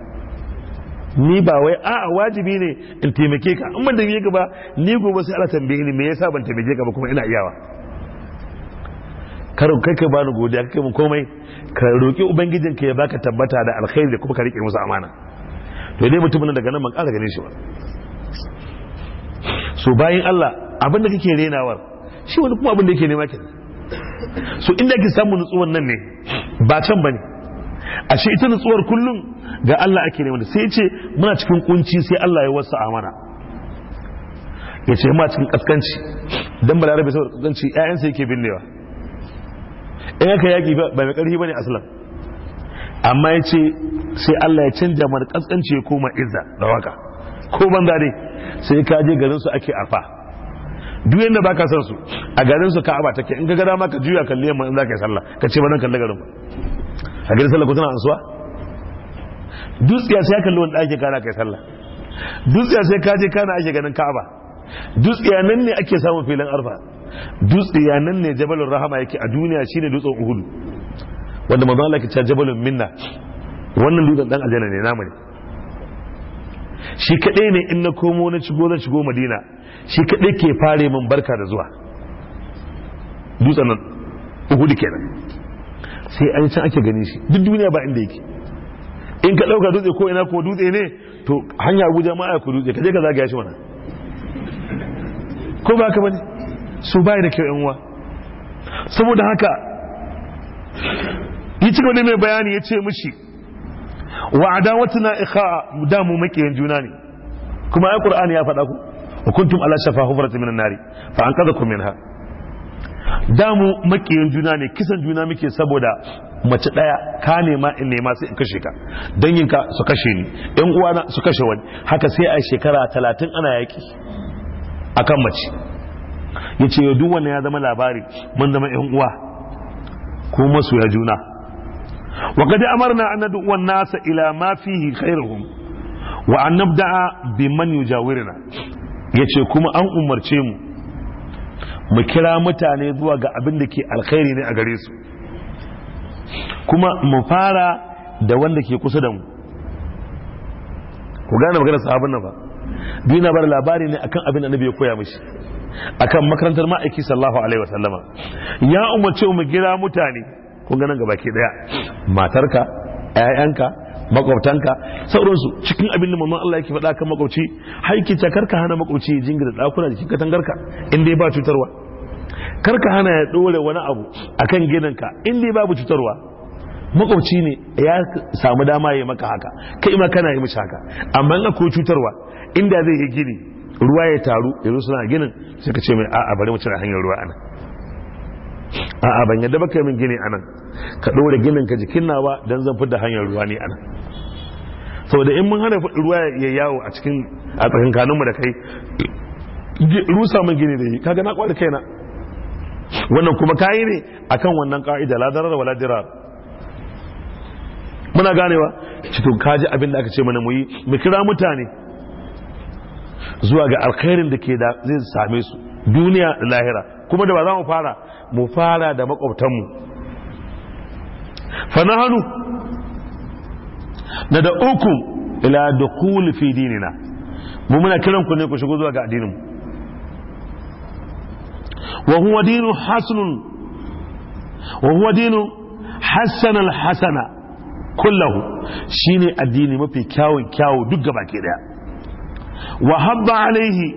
ni ba wai a wajibi ne in taimake ka in da taimake ba ni gobe sai Allah tambaye ni me yasa ban taimake ka ba kuma ina iyawa kar kai ka bani godiya kai mun komai ka roki ubangijin ka ya baka tabbata da alkhairi da kuma ka rike musu amana to dai mutumin daga nan ban ƙara ganin shi ba so bayan Allah abin da kake renawar shi wani kuma abin da yake nema kenan so inda ki samu nutsuwan nan ne ba can bane ashe ita nutsuwar kullum ga Allah ake neman sai ce muna cikin kunci sai Allah ya wasa amana ya ce ma cikin kaskanci dan bai saboda kaskanci ƴaƴansa yake binnewa in aka yaki ba mai karfi bane aslan amma ya ce sai Allah ya canja mana kaskanci ya koma izza da waka ko ban dare sai ka je garin su ake afa duk yanda baka san su a garin su abata take in ka ga dama ka juya kalle mu in zaka yi sallah ka ce ba nan kalle garin ba a gari sallah ko tana ansuwa dutsiya sai kalli wanda ake kana kai sallah dutsiya sai ka je kana ake ganin ka'aba dutsiya nan ne ake samun filin arfa dutsiya nan ne jabalun rahama yake a duniya shine dutsen uhudu wanda manzo Allah ke cewa jabalun minna wannan dutsen dan aljanna ne namu ne shi kadai ne in na komo na shigo na shigo madina shi kadai ke fare min barka da zuwa dutsen nan uhudu kenan sai an can ake gani shi duk duniya ba inda yake in ka ɗauka dutse ko ina ko dutse ne to hanya abuja ma aya ku dutse ka je ka zagaya shi mana ko ba ka bane su bai da kyau yan uwa saboda haka yi cika wani mai bayani ya ce mishi wa adawatuna ikha da mu makiyan juna ne kuma ai qur'ani ya faɗa ku wa kuntum ala shafa hufratin minan nari fa anqadhakum minha damu makiyin juna ne kisan juna muke saboda mace daya ka nema in nema sai in kashe ka Danginka su kashe ni yan uwana su kashe wani haka sai a shekara talatin ana yaki akan mace ya ce duk wannan ya zama labari mun zama yan uwa ko masoya juna wa qad amarna an nad'u an-nasa ila ma fihi khairuhum wa an nabda'a biman yujawiruna yace kuma an umarce mu mu kira mutane zuwa ga abin da ke alkhairi ne a gare su kuma mu fara da wanda ke kusa da mu ku gane magana sahabin nan ba dina bar labari ne akan abin da nabi ya koya mishi akan makarantar ma'aiki sallallahu alaihi wasallama ya umarce mu kira mutane ku ganin gaba ke daya matarka 'ya'yanka makwabtanka sauransu cikin abin da mamman Allah yake faɗa kan makwabci haiki ta karka hana makwabci ya jingira ɗakuna jikin katangarka in dai ba cutarwa karka hana ya ɗore wani abu akan gidanka in dai babu cutarwa makwabci ne ya samu dama ya maka haka kai ma kana yi mishi haka amma in akwai cutarwa inda zai yi gini ruwa ya taru ya zo suna ginin sai ka ce mai a'a bari mu cire hanyar ruwa anan a'a ban yadda baka min gini anan ka dora ginin ka jikin nawa dan zan da hanyar ruwa ne anan Sau da in mun hana ruwa ya yawo a cikin a tsakankaninmu da kai rusa mun gini da yi kaga na kwada kaina wannan kuma kayi ne akan wannan ka'ida la darar wala dirar muna ganewa ci to kaji abin da aka ce mana muyi mu kira mutane zuwa ga alkhairin da ke da zai same su duniya da lahira kuma da ba za mu fara mu fara da makwabtanmu fa hannu. da da uku ila dukhul fi dinina mu muna kiran ku ne ku shigo zuwa ga addinin wa huwa dinu hasanun wa huwa kullahu shine addini mafi kyawun kyawu duk gaba ke daya wa habba alaihi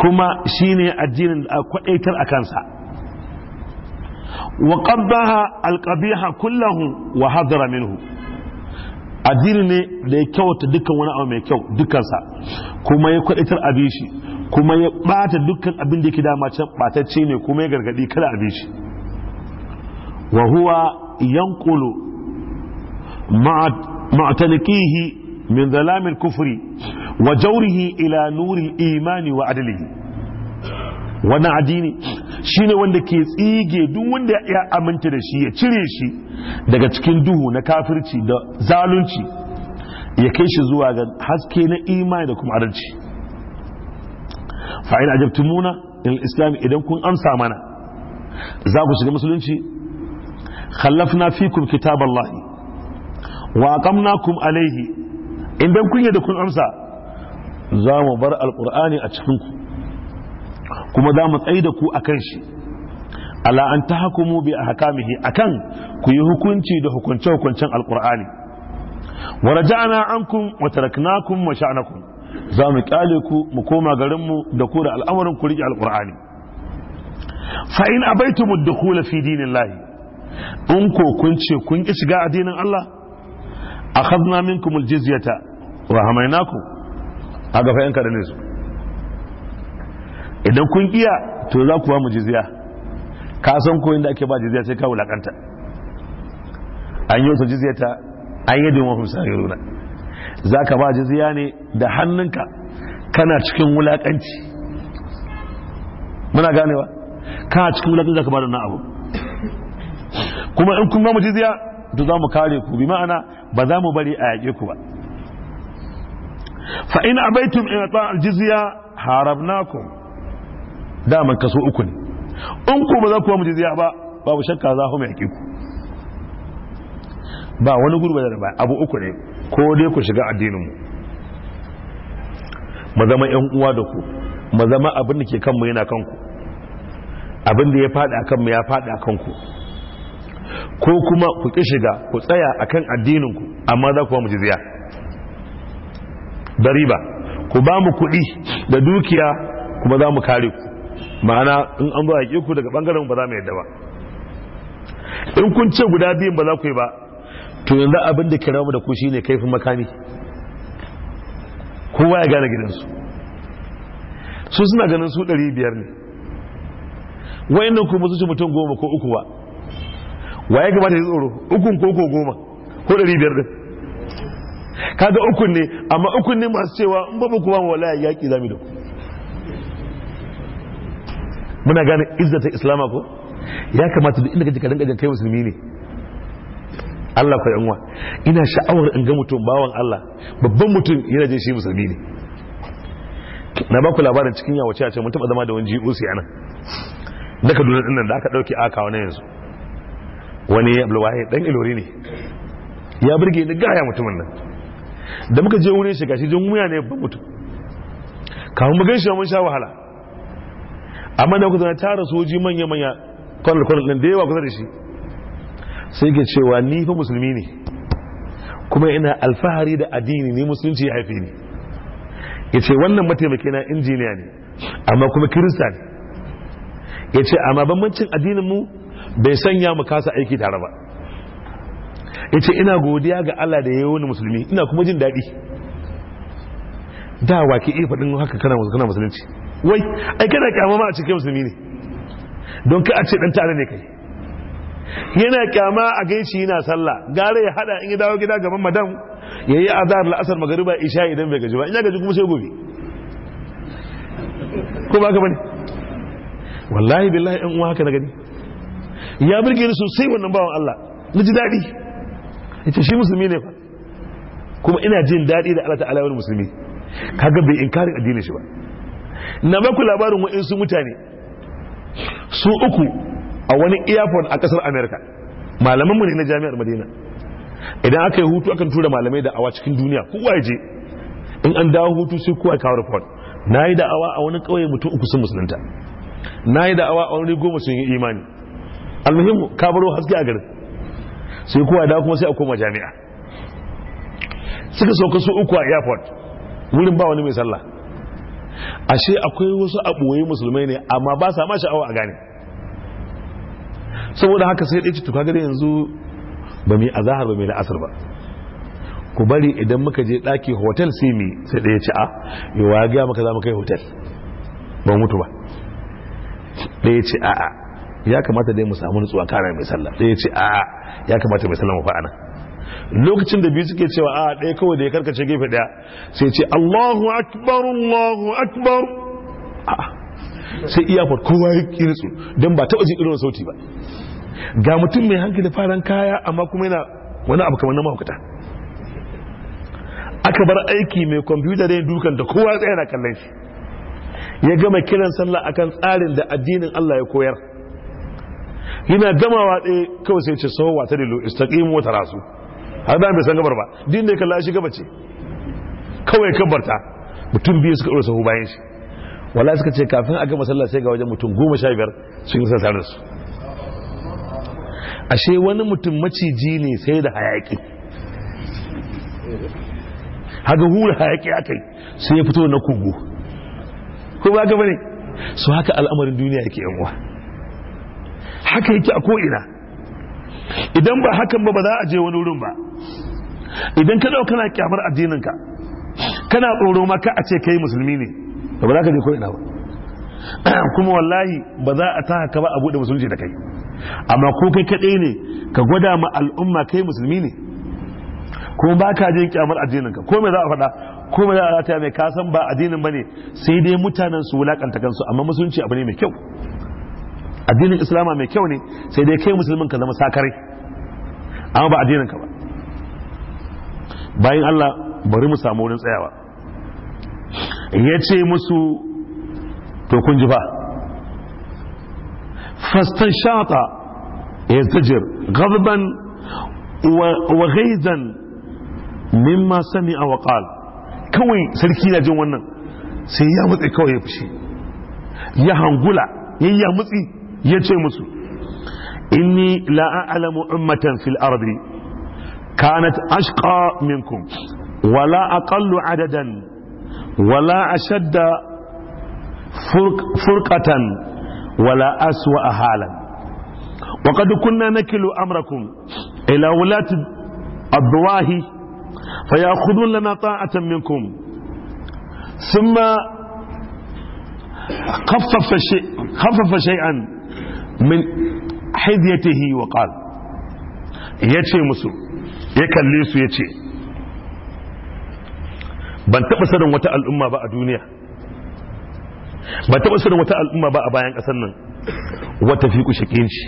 kuma shine addinin da kwadaitar a kansa wa qabbaha al qabiha kullahu wa hadara minhu addini ne da ya kyauta dukkan wani abu mai kyau dukkansa kuma ya kwaɗitar abin shi kuma ya ɓata dukkan abin da yake dama can batacce ne kuma ya gargaɗi kada abin shi wa huwa yanqulu ma'atalikihi min zalamil kufri wa jawrihi ila nuril imani wa adlihi wannan addini ne wanda ke tsige duk wanda ya aminta da shi ya cire shi daga cikin duhu na kafirci da zalunci ya kai shi zuwa ga haske na imani da kuma adalci fa'in ajabtumuna il islam idan kun amsa mana za ku shiga musulunci khallafna fikum kitaballahi wa aqamnakum alayhi idan kun yi da kun amsa za mu bar alqur'ani a cikinku. kuma za mu da ku a kan shi ala an ta hakumu bi a hakamihi a kan ku yi hukunci da hukunce-hukuncen alkur'ani wa raja'ana ankum wa taraknakum wa sha'anakum za mu kyale ku mu koma garinmu da ku da al'amarin ku riƙe alkur'ani fa in abaitum ad-dukhula fi dinillahi in ko kun ce kun ki shiga addinin Allah akhadna minkum al-jizyata wa hamainakum aga fa yanka da ne su idan kun kiya to za ku ba mu jizya ka san ko inda ake ba jizya sai ka wulakanta an yi jizya ta an yi dimahun sayaruna za ka ba jizya ne da hannunka kana cikin wulakanci muna ganewa ka cikin wulakanci za ka ba da na abu kuma in kun ba mu jizya to za mu kare ku bi ma'ana ba za mu bari a yaƙe ku ba fa in abaitum in ta jizya harabnakum daman kaso uku ne in ku ba za ku mujiziya ba babu shakka za ku mai ku ba wani gurbe da ba abu uku ne ko dai ku shiga addinin mu zama yan uwa da ku ma zama abin da ke kanmu yana kanku abin da ya faɗi a kanmu ya faɗi a kanku ko kuma ku ki shiga ku tsaya akan kan ku amma za ku mu jiziya da riba ku ba mu kuɗi da dukiya kuma za mu kare ku ma'ana in an zo a ku daga bangaren ba za mu yadda ba in kun ce guda biyun ba za ku yi ba to yanzu abin da kira mu da ku shine kaifin makami kowa ya gane gidansu su suna ganin su ɗari biyar ne nan kuma su ce mutum goma ko uku ba wa ya gabata ya tsoro ukun ko ko goma ko ɗari biyar din kaga ukun ne amma ukun ne masu cewa in ba mu kuma wala yaƙi zamu da ku muna gane izzata islama ko ya kamata duk inda kaje ka dinga kai musulmi ne Allah ko yanwa ina sha'awar in ga mutum bawan Allah babban mutum yana jin shi musulmi ne na ba ku labarin cikin yawo ce mun taba zama da wani GOC anan da Kaduna din da aka dauke aka wani yanzu wani Abdul Wahid dan Ilori ne ya burge ni gaya mutumin nan da muka je wurin shi gashi jin wuya ne babban mutum kawun mu gan shi mun sha wahala amma da kuka tara soji manya-manya kwanar-kwanar ɗin da yawa kusa da shi sai ke cewa ni fa musulmi ne kuma ina alfahari da addini ne musulunci ya haife ni ya ce wannan mataimaki na injiniya ne amma kuma kirista ne ya ce amma bambancin addinin mu bai sanya mu kasa aiki tare ba ya ce ina godiya ga Allah da ya yi wani musulmi ina kuma jin daɗi da wa ke iya faɗin haka kana musulunci wai ai kana kyama ma a cikin musulmi ne don ka a ce dan tare ne kai yana kyama a gaici yana sallah gare ya hada in ya dawo gida gaban madam yi azar la'asar magariba isha idan bai gaji ba in ya gaji kuma sai gobe ko ba ka bane wallahi billahi in uwa haka na gani ya burge ni sosai wannan bawan Allah na ji daɗi ita shi musulmi ne fa kuma ina jin daɗi da Allah ta'ala wani musulmi kaga bai inkarin addinin shi ba na maku labarin wa'insu mutane su uku a wani airport a kasar america malamanmu ne na jami'ar madina idan aka yi hutu akan tura malamai da awa cikin duniya kowa ya je in an dawo hutu sai kowa kawo report na yi da'awa a wani ƙauye mutum uku sun musulunta na yi da'awa a wani goma sun yi imani almuhimmu ka baro haske a garin sai kowa da kuma sai a koma jami'a suka sauka su uku a airport wurin ba wani mai sallah ashe akwai wasu abuwai musulmai ne amma ba sa ma sha'awa a gane saboda haka sai ɗaya cutuka kagar yanzu ba mai azahar ba mai la'asar ba ku bari idan muka je ɗaki hotel sai mi sai ɗaya ci a yawa gaya maka za mu kai hotel ba mutu ba ɗaya ci a'a ya kamata dai mu samu nutsuwa kara mai sallah ɗaya ci a'a ya kamata mai sallah mu fa'ana lokacin da biyu suke cewa a ɗaya kawai da ya karkace gefe ɗaya sai ce Allahu akbar Allahu akbar sai iya fat kowa ya kiri su don ba taɓa jin irin sauti ba ga mutum mai hankali da faran kaya amma kuma yana wani abu kamar na mahaukata aka bar aiki mai kwamfuta da yin dukan da kowa tsaye na kallon shi ya gama kiran sallah akan tsarin da addinin Allah ya koyar yana gamawa ɗaya kawai sai ce sauwa ta dilo istaqimu wa tarasu har da bai san gabar ba din da ya kalla shi gabace. ce kawai kabarta mutum biyu suka ɗora sahu bayan shi wala suka ce kafin a gama sallah sai ga wajen mutum goma sha biyar sun yi sassa da su ashe wani mutum maciji ne sai da hayaki Haga hura hayaki aka yi sai ya fito na kugu. ko ba gaba ne su haka al'amarin duniya yake yanwa haka yake a ko'ina idan ba hakan ba ba za a je wani wurin ba idan ka kana kyamar addininka kana tsoro maka a ce kai musulmi ne ba za ka je ko ina ba kuma wallahi ba za a taha ka ba a bude musulunci da kai amma ko kai kadai ne ka gwada ma al'umma kai musulmi ne kuma ba ka je kyamar addininka ka ko me za a faɗa ko me za a rataya mai kasan ba addinin ba ne sai dai mutanen su wulakanta kansu amma musulunci abu ne mai kyau addinin islama mai kyau ne sai dai kai musulmin ka zama sakare amma ba addinin ka ba bayan Allah bari mu samu wurin tsayawa ya ce musu to kun ji ba fastan shata ya tajir gabban wa gaizan mimma sani a waƙal kawai sarki na jin wannan sai ya matsi kawai ya fushi ya hangula ya yi ya mutsi ya ce musu inni la'alamu ummatan fil ardi kanat ashqa minkum wala aqallu adadan wala ashadda furqatan wala aswa halan وقد كنا نكل أمركم إلى ولاة الضواهي فيأخذون لنا طاعة منكم ثم خفف شيء خفف شيئا min hidiyatihi wa qal yace musu ya kalle su yace ban taba sanin wata al'umma ba a duniya ban taba sanin wata al'umma ba a bayan kasar nan wata fi ku shakinci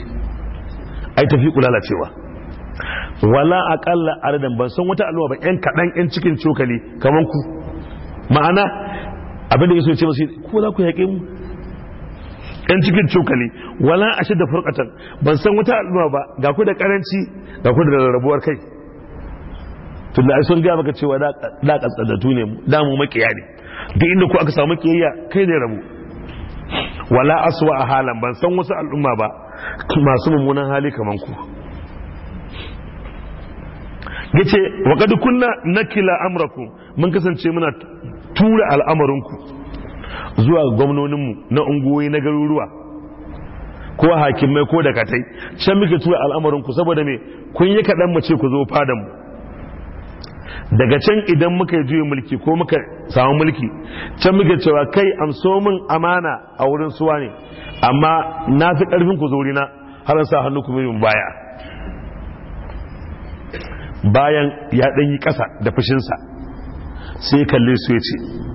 ai tafi ku lalacewa wala aqalla ardan ban san wata al'umma ba ɗan kadan ɗan cikin cokali kaman ku ma'ana abin da yake so ya ce masu ku za ku yaƙe mu yan cikin cokali wala a da ban san wata al'umma ba ga ku da karanci ga ku da rarrabuwar kai tun da sun gaya maka cewa da kaskantattu ne da mu makiya ne duk inda ku aka samu kiyayya kai ne rabu wala aswa a halan ban san wasu al'umma ba masu mummunan hali kaman ku yace wa kad kunna nakila amrakum mun kasance muna tura al'amarinku zuwa ga gwamnoninmu na unguwoyi na garuruwa ko hakimai ko da katai can muke tura al'amarinku saboda mai kun yi kaɗan mace ku zo fadanmu daga can idan muka yi juyin mulki ko muka samu mulki can muke cewa kai amso min amana a wurin suwa ne amma na fi ƙarfin ku zori na har sa hannu ku min baya bayan ya ɗanyi ƙasa da fushinsa sai kalle su ya ce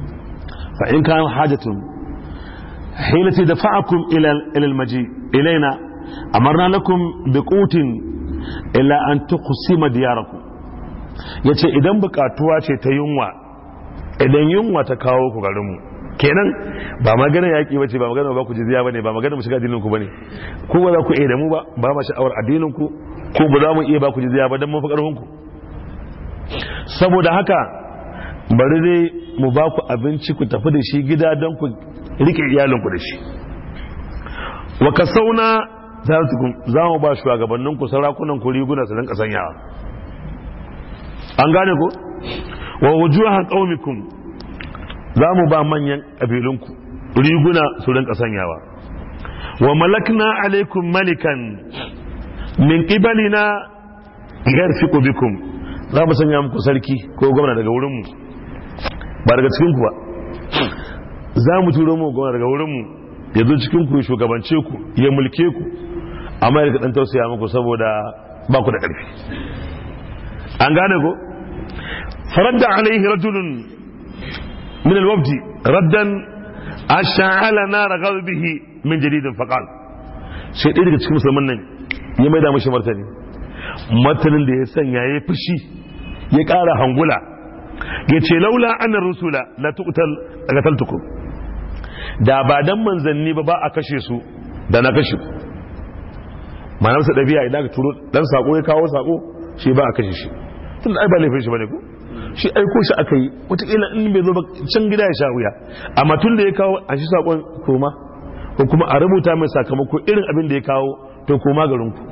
فإن كان حاجة حين دفعكم إلى إلى المجيء إلينا أمرنا لكم بقوت إلا أن تقسم دياركم yace idan bukatuwa ce ta yunwa idan yunwa ta kawo ku garinmu kenan ba magana yaƙi bace ba magana ba ku ba bane ba magana mu shiga addinin ku bane ku ba za ku iya da mu ba ba ma sha'awar addinin ku ko ba za mu iya ba ku jiziya ba dan mun fi ku saboda haka bari dai mu ba ku abinci ku tafi da shi gida don ku rike iyalinku da shi wa ka sauna za mu ba shugabannin ku sarakunan ku riguna su rinka sanyawa an gane ku wa wujuhan qaumikum za mu ba manyan kabilunku riguna su rinka sanyawa wa malakna alaikum malikan min qibalina yarfiqu bikum za mu sanya muku sarki ko gwamna daga wurin mu. ba daga cikin ku ba za mu turo mu gona daga wurin mu ya zo cikin ku shugabance ku ya mulke ku amma ya dan tausaya muku saboda ba ku da karfi an gane ko faradda alaihi rajulun min alwabd raddan ash'ala nar ghadbihi min jadid faqal sai ɗaya daga cikin musulman nan ya maida mashi martani matanin da ya sanya ya fushi ya kara hangula ya ce laula annar rusula la tuqtal qataltukum da ba dan manzanni ba ba a kashe su da na kashe ku ma'anar sa dabi'a idan ka turo dan sako ya kawo sako shi ba a kashe shi tun da ai ba laifin shi bane ko shi aiko shi aka yi wataƙila in bai zo ba can gida ya sha wuya amma tun da ya kawo a shi sakon koma ko kuma a rubuta mai sakamako irin abin da ya kawo to koma garinku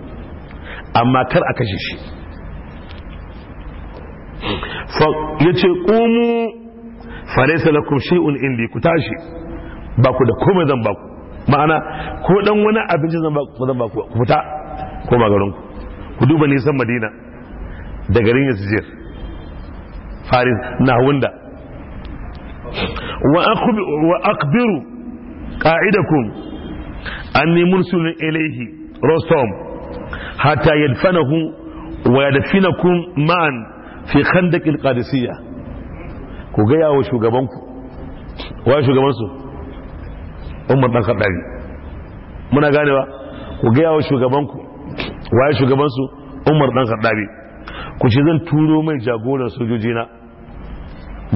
amma kar a kashe shi ya ce ƙumu faraisa lakum shay'un indi ku tashi ba ku da komai zan baku ma'ana ko dan wani abinci zan baku zan baku ku fita ko ba garin ku ku duba nisan madina da garin yasjir faris na wanda wa akbiru qa'idakum anni mursilun ilayhi rostom hatta yadfanahu wa yadfinakum man fi khandaqil qadisiya ku yawo shugaban ku wa su umar dan kadari muna ganewa ku yawo shugaban ku wa su umar dan kadari ku ce zan turo mai jagoran na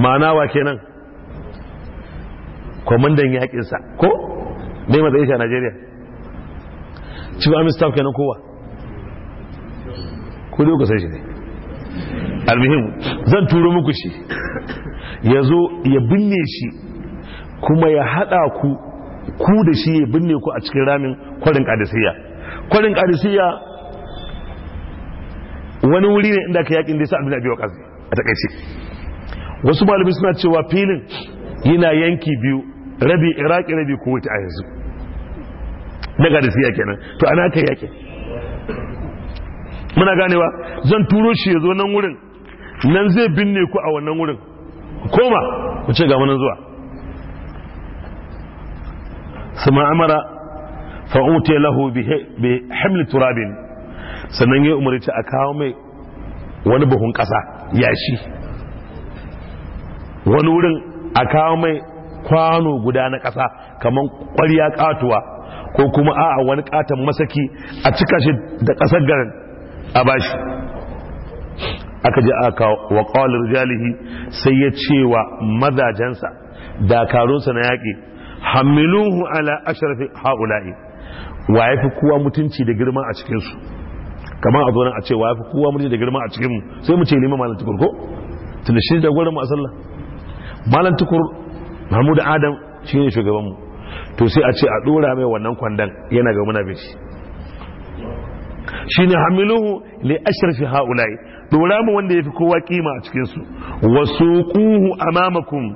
ma'ana wa kenan kwamandan sa ko mai matsayi a najeriya ci ba kenan kowa ku dai ku sai shi ne almihim zan turo muku shi ya zo ya binne shi kuma ya haɗa ku ku da shi ya binne ku a cikin ramin kwarin kadisiyya kwarin kadisiyya wani wuri ne inda ka yakin da ya sa abin abiyo kazi a takaice wasu malamai suna cewa filin yana yanki biyu rabi iraki rabi kuwaiti a yanzu na kadisiyya kenan to ana ka yakin muna ganewa zan turo shi ya zo nan wurin nan zai binne ku a wannan wurin koma ku ce ga munan zuwa sama amara fa'ute lahu bi hamli turabin sannan ya umarci a kawo mai wani buhun kasa yashi wani wurin a kawo mai kwano guda na kasa kamar kwariya katuwa ko kuma a wani katon masaki a cika shi da kasar garin a bashi aka ji aka wa ƙawalar jalihi sai ya ce wa mazajensa dakarunsa na yaƙi hamiluhu ala asharafi ha'ula'i wa ya fi kowa mutunci da girma a cikinsu kamar a zonan a ce wa ya fi kowa mutunci da girma a cikinmu sai mu ce nima malam tukur ko tunda shi jagoran mu a sallah malam tukur mahmud adam shi ne shugabanmu to sai a ce a ɗora mai wannan kwandon yana ga munafici ne hamiluhu li ashrafi haula'i dora mu wanda ya fi kowa kima a cikinsu wasu kuhu amamakum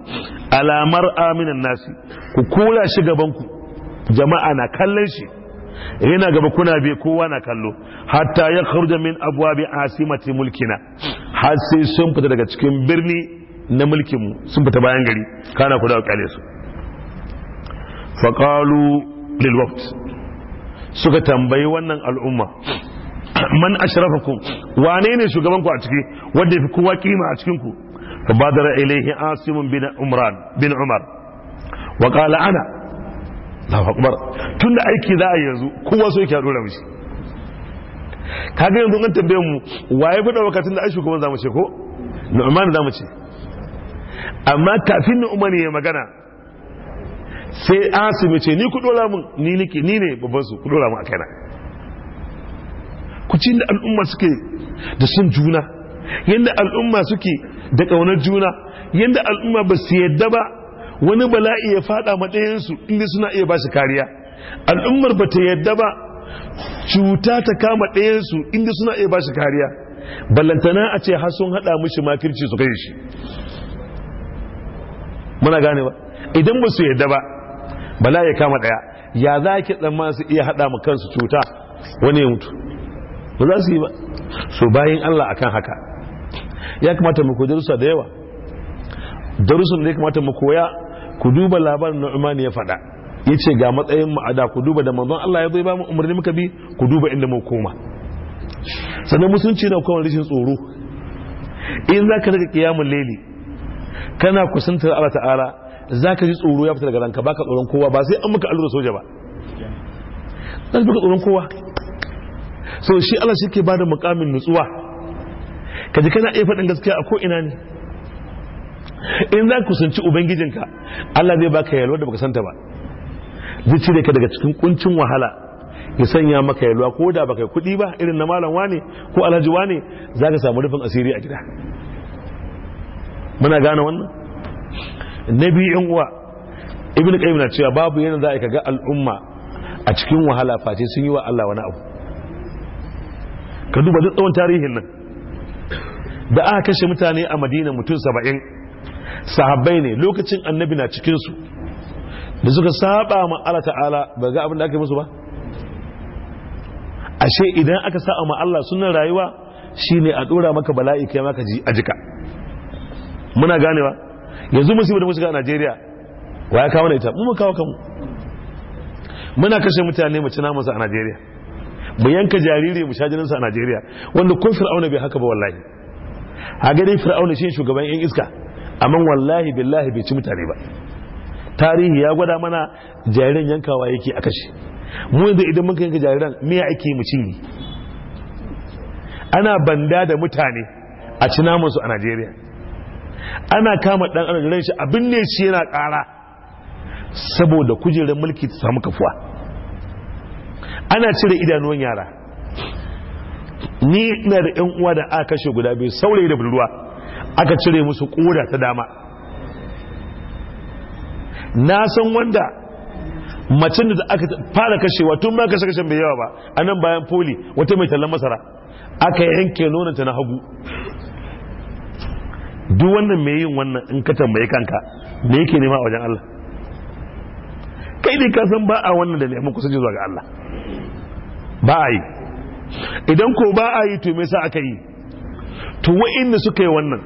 Alamar aminan nasi ku kula shi gabanku. jama'a na kallon shi yana gaba kuna bai kowa na kallo hatta ya kharja min a asimati mulkina har sai sun fita daga cikin birni na mulkinmu sun fita bayan gari kana ku da kyale su faqalu lil waqt suka tambayi wannan al'umma man ashrafakum wane ne shugaban ku a ciki wanda yafi kowa kima a cikin ku fa badara ilayhi asim bin umran bin umar wa qala ana Allahu akbar tunda aiki za a yanzu kowa so yake dora mishi kaga yanzu an tambaye mu waye bude lokacin da ai shugaban zamu ce ko nu'man zamu ce amma kafin nu'man ya magana sai asim ce ni ku dora mun ni nike ni ne babban su ku dora mun a kaina ku ci da al'umma suke da sun juna yadda al'umma suke da ƙaunar juna yadda al'umma ba su yadda ba wani bala'i ya fada matsayinsu inda suna iya ba shi kariya al'ummar ba ta yadda ba cuta ta kama ɗayansu inda suna iya ba shi kariya ballantana a ce har sun haɗa mishi makirci su kai shi muna gane ba idan ba su yadda ba bala ya kama ɗaya ya za ki tsamma su iya haɗa ma kansu cuta wani ya mutu ba za su yi ba so bayan Allah akan haka ya kamata mu koyi darussa da yawa darussan da ya kamata mu koya ku duba labarin Nu'man ya faɗa yace ga matsayin mu ada ku duba da manzon Allah ya zo ba mu umarni muka bi ku duba inda mu koma sannan musunci na kawai rishin tsoro in zaka daga kiyamul laili kana kusantar Allah ta'ala zaka ji tsoro ya fita daga ranka baka tsoron kowa ba sai an muka allura soja ba zaka baka tsoron kowa so shi Allah shi ke bada mukamin nutsuwa kaji kana iya faɗin gaskiya a ko'ina ne in za ku sanci ubangijinka Allah zai baka yalwa da baka santa ba zai cire ka daga cikin kuncin wahala ya sanya maka yalwa ko da baka kuɗi ba irin na malam wane ko alhaji wane za ka samu rufin asiri a gida muna gane wannan na biyu yan uwa ibn qayyim na cewa babu yana za a ga al'umma a cikin wahala face sun yi wa Allah wani abu ka duba duk tsawon tarihin nan da aka kashe mutane a madina mutum saba'in sahabbai ne lokacin annabi na cikinsu da suka saba ma Allah ta'ala ba ga abin da aka yi musu ba ashe idan aka sa'a ma Allah sunan rayuwa shine a dora maka bala'i kai maka ji a jika muna ganewa yanzu musu da musu ga Najeriya wa ya kawo na ta mu mu kawo kanmu muna kashe mutane mu ci musu a Najeriya mu yanka jariri mu sha sa a Najeriya wanda kun fir'auna bai haka ba wallahi a dai fir'auna shi shugaban yan iska amma wallahi billahi bai ci mutane ba tarihi ya gwada mana jariran yankawa yake a kashe mu yanzu idan muka yanka jariran me ya ake mu cinye ana banda da mutane a ci namansu a Najeriya ana kama dan adam shi abin ne shi yana kara saboda kujerar mulki ta samu kafuwa ana cire idanuwan yara ni na da yan uwa da aka kashe guda biyu saurayi da budurwa aka cire musu koda ta dama na san wanda macin da aka fara kashewa tun ba kashe kashen yawa ba a nan bayan foli wata mai tallan masara aka yanke ta na hagu duk wannan mai yin wannan in ka tambaye kanka me yake nema a wajen Allah kai ne ka san ba a wannan da neman kusa zuwa ga Allah ba a yi idan ko ba a yi to me sa aka yi to wa'inda suka yi wannan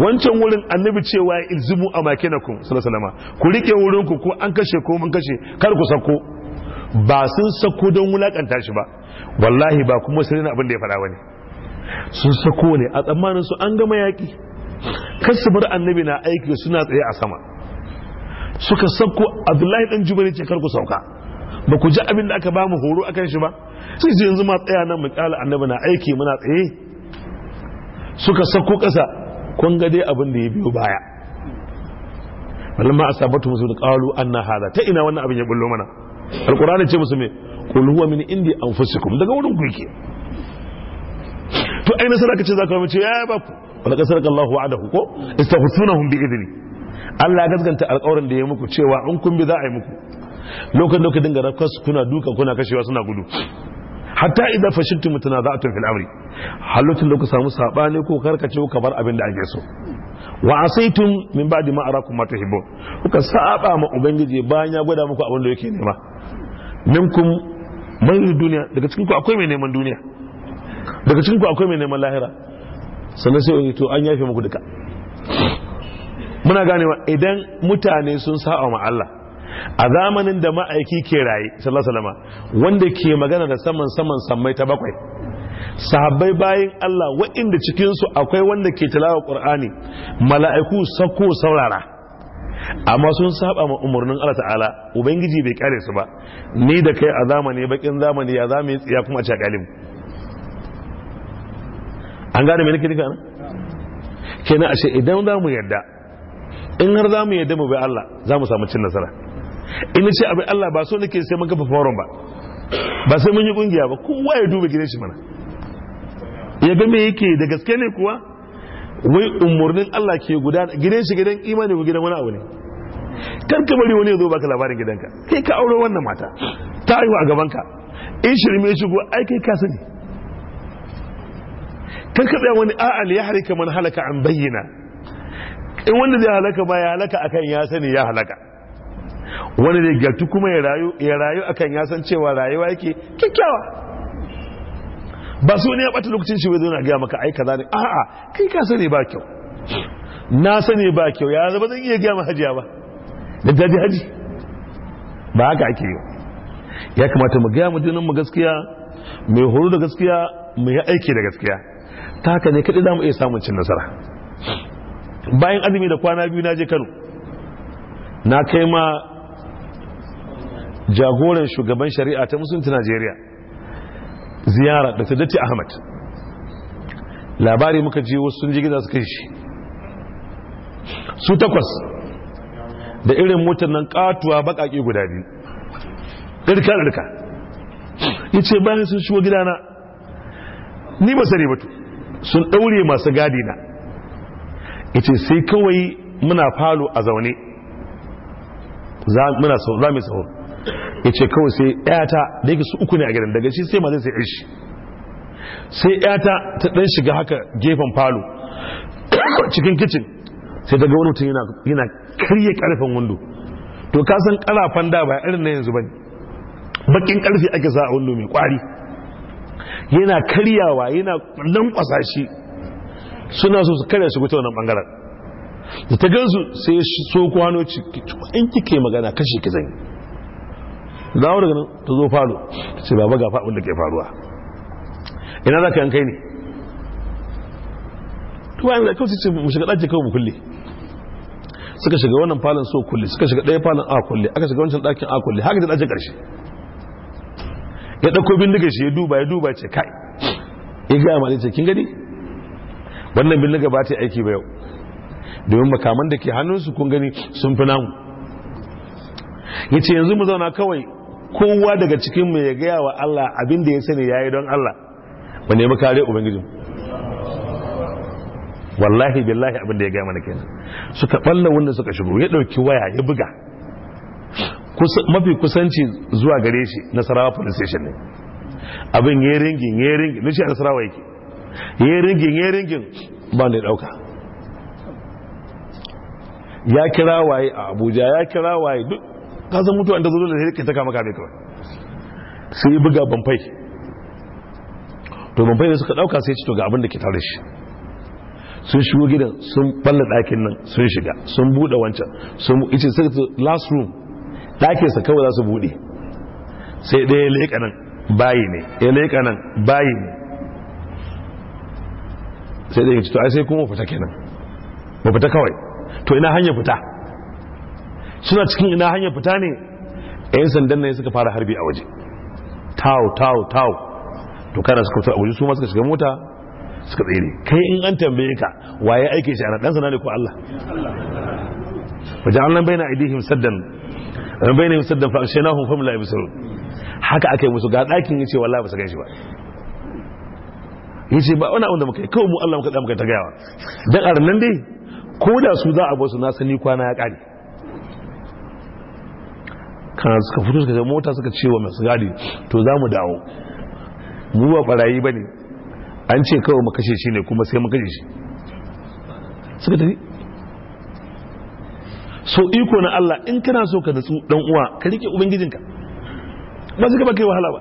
wancan wurin annabi cewa ilzimu a makinakun salasalama, ku rike wurin ku ko an kashe ko mun kashe kar ku sako ba sun sako don wulakanta shi ba wallahi ba kuma sai na abin da ya fara wani sun sako ne a tsammanin su an gama yaki kar bar annabi na aiki suna tsaye a sama suka sako abdullahi dan jubari ce kar ku sauka ba ku ji abin da aka ba mu horo akan shi ba sai su yanzu ma tsaya nan mu kyala annabi na aiki muna tsaye suka sako ƙasa kun ga dai abin da ya biyo baya balamma asabatu musu da qalu anna hada ta ina wannan abin ya bullo mana alqur'ani ce musu me qul huwa min indi anfusikum daga wurin ku yake to ai nasara kace zaka mace ya ba ku wala kasaraka Allahu wa'adahu ko istaghfirunhum bi idni Allah ya gaskanta alƙawarin da ya muku cewa in kun bi za a yi muku lokacin da kuka dinga kuna duka kuna kashewa suna gudu hatta idan fashittu mutuna za a tun fil amri halittun da ku samu sabani ko karkace ku bar abin da ake so wa asaitum min ba'di ma arakum ma tuhibbun kuka saba ma ubangiji bayan ya gwada muku abin da yake nema minkum man duniya daga cikin ku akwai mai neman duniya daga cikin ku akwai mai neman lahira sannan sai to an yafe muku duka muna ganewa idan mutane sun saba ma Allah a zamanin da ma'aiki ke raye sallallahu alaihi wanda ke magana da saman saman sammai ta bakwai sahabbai bayin Allah waɗanda cikin su akwai wanda ke tilawa Qur'ani mala'iku sako saurara amma sun saba ma umarnin Allah ta'ala ubangiji bai kare su ba ni da kai a zamani bakin zamani ya zamu yi tsiya kuma a cakalim an gane me nake nufi kenan ashe idan za mu yarda in har za mu yarda mu bi Allah za mu samu cin nasara in ce abin Allah ba so nake sai mun kafa forum ba ba sai mun yi kungiya ba kowa ya duba gidan shi mana ya ga me yake da gaske ne kuwa wai umurnin Allah ke gudana gidan shi gidan imani ko gidan wani abu ne kar ka bari wani ya zo baka labarin gidanka kai ka aure wannan mata ta haihu a gabanka in shirme shigo ai kai ka sani kar ka tsaya wani a'al ya harika man halaka an bayyana in wanda zai halaka ba ya halaka akan ya sani ya halaka wani da gyatu kuma ya rayu ya rayu akan ya san cewa rayuwa yake kyakkyawa ba su ne ya bata lokacin shi zo na gaya maka ai kaza ne a'a kai ka sani ba kyau na sani ba kyau ya zaba zan iya gaya ma hajiya ba da daji haji ba haka ake yi ya kamata mu gaya mu gaskiya mai horo da gaskiya mu yi aiki da gaskiya ta haka ne kaɗai zamu mu iya samun cin nasara bayan azumi da kwana biyu na je kano na kai ma jagoran shugaban shari'a ta musulunci najeriya ziyara da ta ahmad labari muka ji wasu sun ji gida suka shi su takwas da irin motar nan katuwa bakaki guda biyu ɗirka ɗirka ya ce bayan sun shigo gidana ni ba sani batu sun ɗaure masu gadi na ya ce sai kawai muna falo a zaune za mu na sahur ya ce kawai sai yata da yake su uku ne a gidan daga shi sai mazai sai irshi sai yata ta dan shiga haka gefen falo cikin kicin sai daga wani mutum yana karye karfin wando to ka san karafan da ba irin na yanzu ba bakin karfi ake sa a wando mai kwari yana karyawa yana nan shi suna so su karya su ta wannan bangaren da ta gansu sai ya so kwano in kike magana kashe ki zanyi Lawar ganin ta zo falo sai baba ga faɗin da ke faruwa ina za ka yankai ne tuwa yanzu kyau ce mu shiga ɗaki kawai mu kulle suka shiga wannan falon so kulle suka shiga ɗaya falon a kulle aka shiga wancan ɗakin a kulle haka da ɗakin ƙarshe ya ɗauko bindiga shi ya duba ya duba ce kai ya gaya ma ce kin gani wannan bindiga ba ta aiki ba yau domin makaman da ke hannunsu kun gani sun fi namu ya ce yanzu mu zauna kawai kowa daga cikin mu ya gaya wa Allah abin da ya sani yayi don Allah mu nemi kare ubangiji wallahi billahi abin da ya gaya mana kenan suka balla wanda suka shigo ya dauki waya ya buga mafi kusanci zuwa gare shi nasarawa police station ne abin ya ringin ya ringin nishi a nasarawa yake ya ringin ya ringin ba da ɗauka. dauka ya kira waye a abuja ya kira waye duk ka san mutuwa inda zo da sai ka taka maka bai kawai sai buga bambai to bambai da suka dauka sai ci to ga abin da ke tare shi sun shigo gidan sun balla ɗakin nan sun shiga sun buɗe wancan sun ice ta last room ɗakinsa kawai za su buɗe sai ɗaya ya leƙa nan bayi ne ya leƙa nan bayi ne sai ɗaya ya ci to ai sai kuma fita kenan ba fita kawai to ina hanya fita suna cikin ina hanyar fita ne yan sandan ne suka fara harbi a waje tawo tawo tawo to kana suka fito a waje su ma suka shiga mota suka tsere kai in an tambaye ka waye aike shi ana dan ne ko Allah wajen nan na aidihim saddan bai na saddan fa ashaynahum fa la yabsirun haka akai musu ga dakin yace wallahi ba su shi ba yace ba wani abin da muka yi kawai mu Allah muka da muka ta gayawa dan arnan dai ko da su za a ba su na sani kwana ya kare kana suka fito suka mota suka ce wa masu gadi to za mu dawo mu ba barayi ba ne an ce kawai mu kashe shi ne kuma sai mu kashe shi suka tafi so iko na Allah in kana so ka natsu dan uwa ka rike ubangijinka ba su gaba kai wahala ba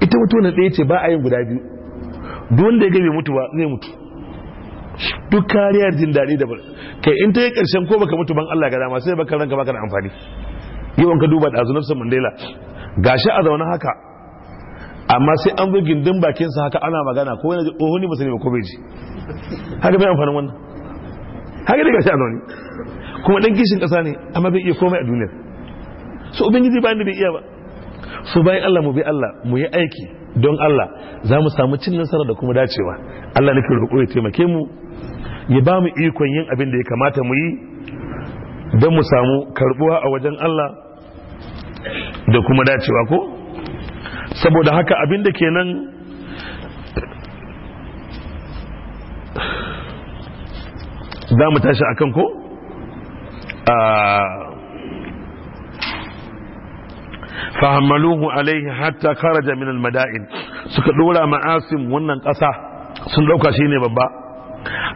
ita mutu na tsaye ce ba a yin guda biyu duk wanda ya gabe mutu ba zai mutu duk kariyar jin daɗi da kai in ta yi ƙarshen ko baka mutu ban Allah ga dama sai baka ranka baka da amfani yawan ka duba ɗazu nafsan mandela gashi a zaune haka amma sai an zo gindin bakinsa haka ana magana ko wani ji oho ni ba sani ba ko bai ji haka bai amfani wannan haka dai gashi a zaune kuma dan kishin kasa ne amma bai iya komai a duniyar so ubangiji ba ni bai iya ba so bayan Allah mu bi Allah mu yi aiki don Allah za mu samu cin nasara da kuma dacewa Allah nake roƙo ya taimake mu ya ba mu ikon yin abin da ya kamata mu yi don mu samu karbuwa a wajen Allah da kuma dacewa ko saboda haka abinda kenan za mu tashi akan ko fahammaluhu alaihi hatta kharaja min almada'in suka dora ma'asim wannan ƙasa sun dauka ne babba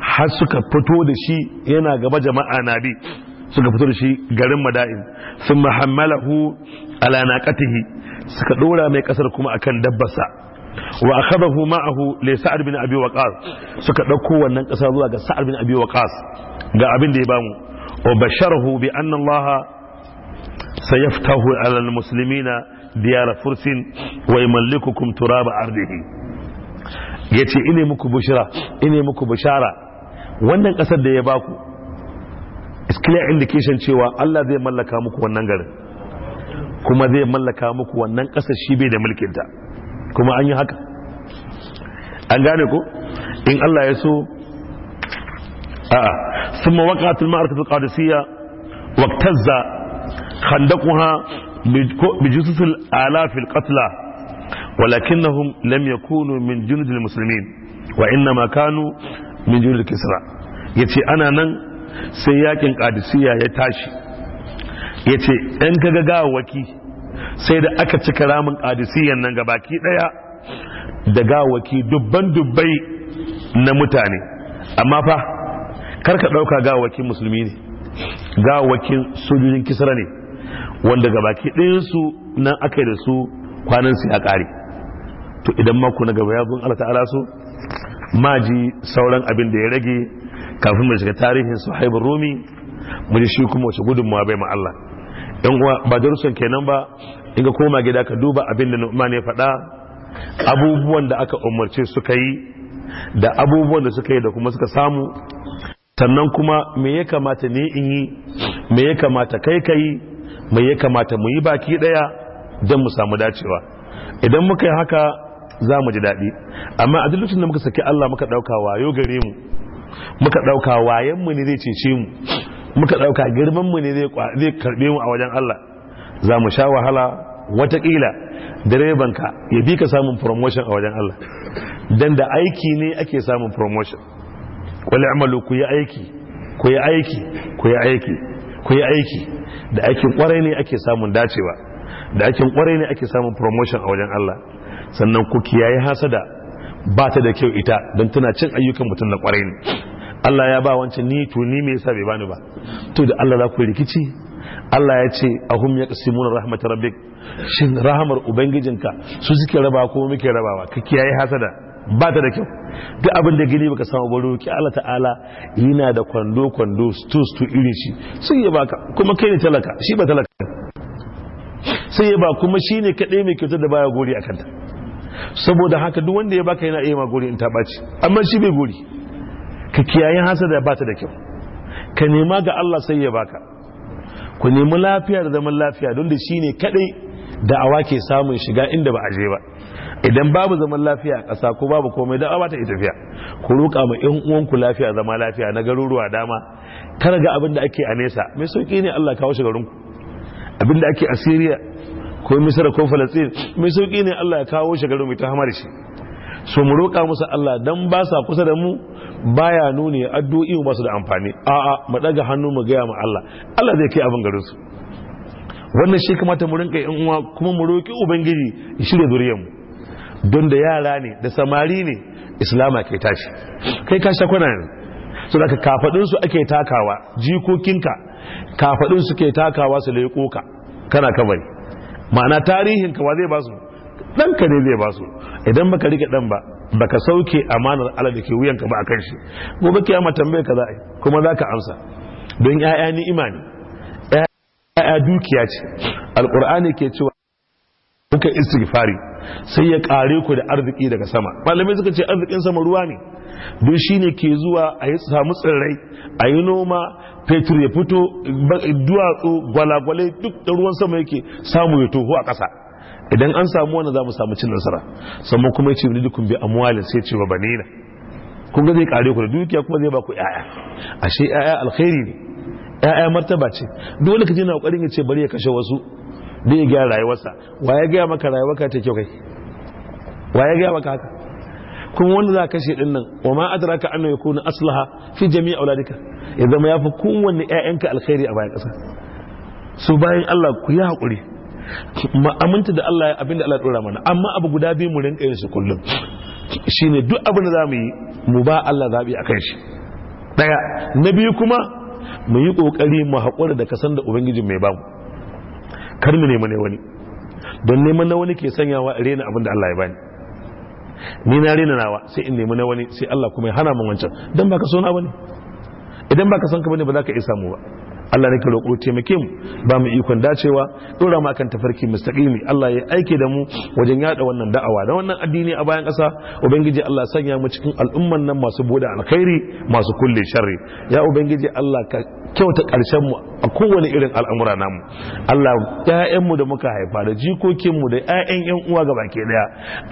har suka fito da shi yana gaba jama'a na nabi suka fito da shi garin mada'in sun mahammalahu ala naqatihi suka dora mai kasar kuma akan dabbasa. wa akhadahu ma'ahu li sa'ad bin abi waqas suka dauko wannan kasa zuwa ga sa'ad bin abi waqas ga abin da ya bamu wa basharahu bi anna allaha sayaftahu ala almuslimina diyar fursin wa yamlikukum turaba ardihi yace ine muku bushara ine muku bishara wannan kasar da ya baku is clear indication cewa Allah zai mallaka muku wannan garin kuma zai mallaka muku wannan ƙasar shi bai da mulkinta kuma an yi haka an gane ko in Allah ya so a'a thumma waqa'atul ma'arikatu al-qadisiyya waqtazza khandaquha bijususul alafil qatla walakinnahum lam yakunu min junudil muslimin wa innama kanu min junudil kisra yace ana nan sai yakin kadisiya ya tashi ya ce ‘yan ga gawaki sai da aka cika ramin kadisiyan nan gabaki ɗaya da gawaki dubban dubbai na mutane amma fa karka ɗauka gawakin musulmi ne gawakin sojojin kisra ne wanda gabaki ɗayansu nan aka yi da su kwanan su ya ƙare to idan maku na gaba ya zun Allah ta'ala ma ji sauran abin da ya rage kafin mu shiga tarihin suhaibin rumi mu ji shi kuma wace gudunmawa bai ma Allah dan uwa ba darusan kenan ba in ka koma gida ka duba abin da Nu'man ya faɗa abubuwan da aka umarce suka yi da abubuwan da suka yi da kuma suka samu sannan kuma me ya kamata ne in yi me ya kamata kai ka yi me ya kamata mu yi baki daya don mu samu dacewa idan muka yi haka za mu ji daɗi amma a duk da muka saki Allah muka ɗauka wayo gare mu muka ɗauka mu ne zai cece mu muka ɗauka mu ne zai karɓe mu a wajen Allah za mu sha wahala watakila ka ya bi ka samun promotion a wajen Allah dan da aiki ne ake samun promotion wani amalu ku yi aiki ku yi aiki ku yi aiki ku yi aiki da aikin kwarai ne ake samun dacewa da aikin kwarai ne ake samun promotion a wajen Allah sannan ku kiyaye hasada ba ta da kyau ita don tana cin ayyukan mutum na kwarai ne Allah ya ba wancan ni to ni me yasa bai bani ba to da Allah za ku rikici Allah ya ce ahum yaqsimuna rahmatar rabbik shin rahamar ubangijinka su suke raba ko muke rabawa ka kiyaye hasada ba ta da kyau duk abin da gani baka samu baro ki Allah ta'ala yana da kwando kwando stu stu irin shi sai ya baka kuma kai ne talaka shi ba talaka sai ya ba kuma shine kadai mai kyautar da baya gori a kanta. saboda haka duk wanda ya baka yana iya gori in ta ɓaci amma shi bai gori ka kiyaye hasada ba ta da kyau ka nema ga Allah sai ya baka ku nemi lafiya da zaman lafiya don da shine kadai da awa ke samun shiga inda ba a je ba idan babu zaman lafiya a ƙasa ko babu komai da awa ta yi tafiya ku roƙa ma ƴan uwanku lafiya zama lafiya na garuruwa dama kar ga abin da ake a nesa mai sauki ne Allah kawo shi garinku abin da ake a Syria ko misira ko falastin mai sauƙi ne allah ya kawo shi garin mu ta hamar shi so mu roƙa musu allah dan ba sa kusa da mu baya nuni addu'i ba su da amfani a'a mu daga hannu mu gaya ma allah allah zai kai abin garin su wannan shi kamata mu rinka yan uwa kuma mu roƙi ubangiji ya shirya zuriyar mu don da yara ne da samari ne islama ke tashi kai ka sha kwana ne so daga kafadin su ake takawa jikokinka kafadin su ke takawa su leƙo ka kana kabari ma'ana tarihin ka wa zai ba su ka ne zai ba su idan baka rike ɗan ba baka sauke amanar Allah da ke wuyanka ba a kan shi gobe kiyama tambaye ka za kuma za ka amsa don ya'ya ni imani ya'ya dukiya ce alƙur'ani ke cewa kuka istighfari sai ya ƙare ku da arziki daga sama malamai suka ce arzikin sama ruwa ne don shi ne ke zuwa a yi samu tsirrai a yi noma fetur ya fito duwatsu gwalagwale duk da ruwan sama yake samu ya toho a ƙasa idan an samu wani za mu samu cin nasara sannan kuma ya ce ni dukkan bi amwalin sai ce wa banina Kuma zai kare ku da dukiya kuma zai ba ku ƴaƴa ashe ƴaƴa alkhairi ne ƴaƴa martaba ce dole ka je na kokarin ya ce bari ya kashe wasu da ya gaya rayuwarsa wa ya gaya maka rayuwarka ta kyau kai wa ya gaya maka haka kuma wanda za kashe din nan wa ma adraka anna yakuna aslaha fi jami'i auladika ya zama yafi kowanne ƴaƴanka alkhairi a bayan ƙasa Su bayan Allah ku yi hakuri ma aminta da Allah ya abinda Allah dora mana amma abu guda biyu mu rinka yin su kullum shine duk abin da zamu yi mu ba Allah zabi a kan shi Ɗaya na biyu kuma mu yi kokari mu hakura da kasan da ubangiji mai bamu kar mu nema ne wani don neman na wani ke sanyawa a rena abin da Allah ya bani ni na rina nawa sai in nemi na wani sai Allah kuma ya hana mun wancan dan baka so na bane idan baka san ka bane ba za ka isa mu ba Allah ka roƙo taimake mu ba mu ikon dacewa dora ma akan tafarki mustaqimi Allah ya aike da mu wajen yada wannan da'awa da wannan addini a bayan ƙasa ubangiji Allah sanya mu cikin al'umman nan masu bude alkhairi masu kulle sharri ya ubangiji Allah ka kyauta ƙarshen mu a kowane irin al'amura namu Allah yayanmu da muka haifa da jikokin mu da ƴaƴan ƴan uwa ga baki daya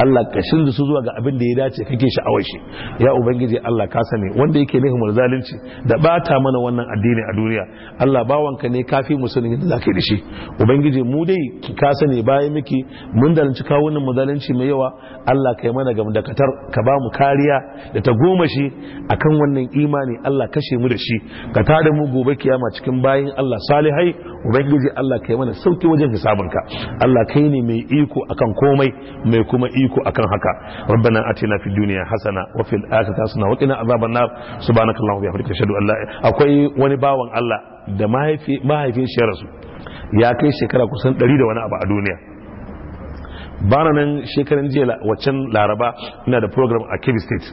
Allah ka shirya su zuwa ga abin da ya dace kake sha'awar shi ya ubangiji Allah ka sani wanda yake nufin zalunci da bata mana wannan addini a duniya Allah bawanka ne kafi mu sani yadda zaka yi da shi ubangiji mu dai ki ka sani bayan miki mun zalunci kawunan mu zalunci mai yawa Allah kai mana dakatar ka ba mu kariya da ta goma shi akan wannan imani Allah kashe mu da shi ka tada mu gobe akwai kiyama cikin bayin Allah salihai ubangiji Allah kai mana sauki wajen hisabinka Allah kai ne mai iko akan komai mai kuma iko akan haka rabbana atina fid dunya hasana wa fil akhirati hasana wa qina azaban nar subhanakallahu wa bihamdika ashhadu an la akwai wani bawan Allah da mahaifi mahaifin shi rasu ya kai shekara kusan 100 da wani abu a duniya bana nan shekaran jiya waccan laraba ina da program a kebbi state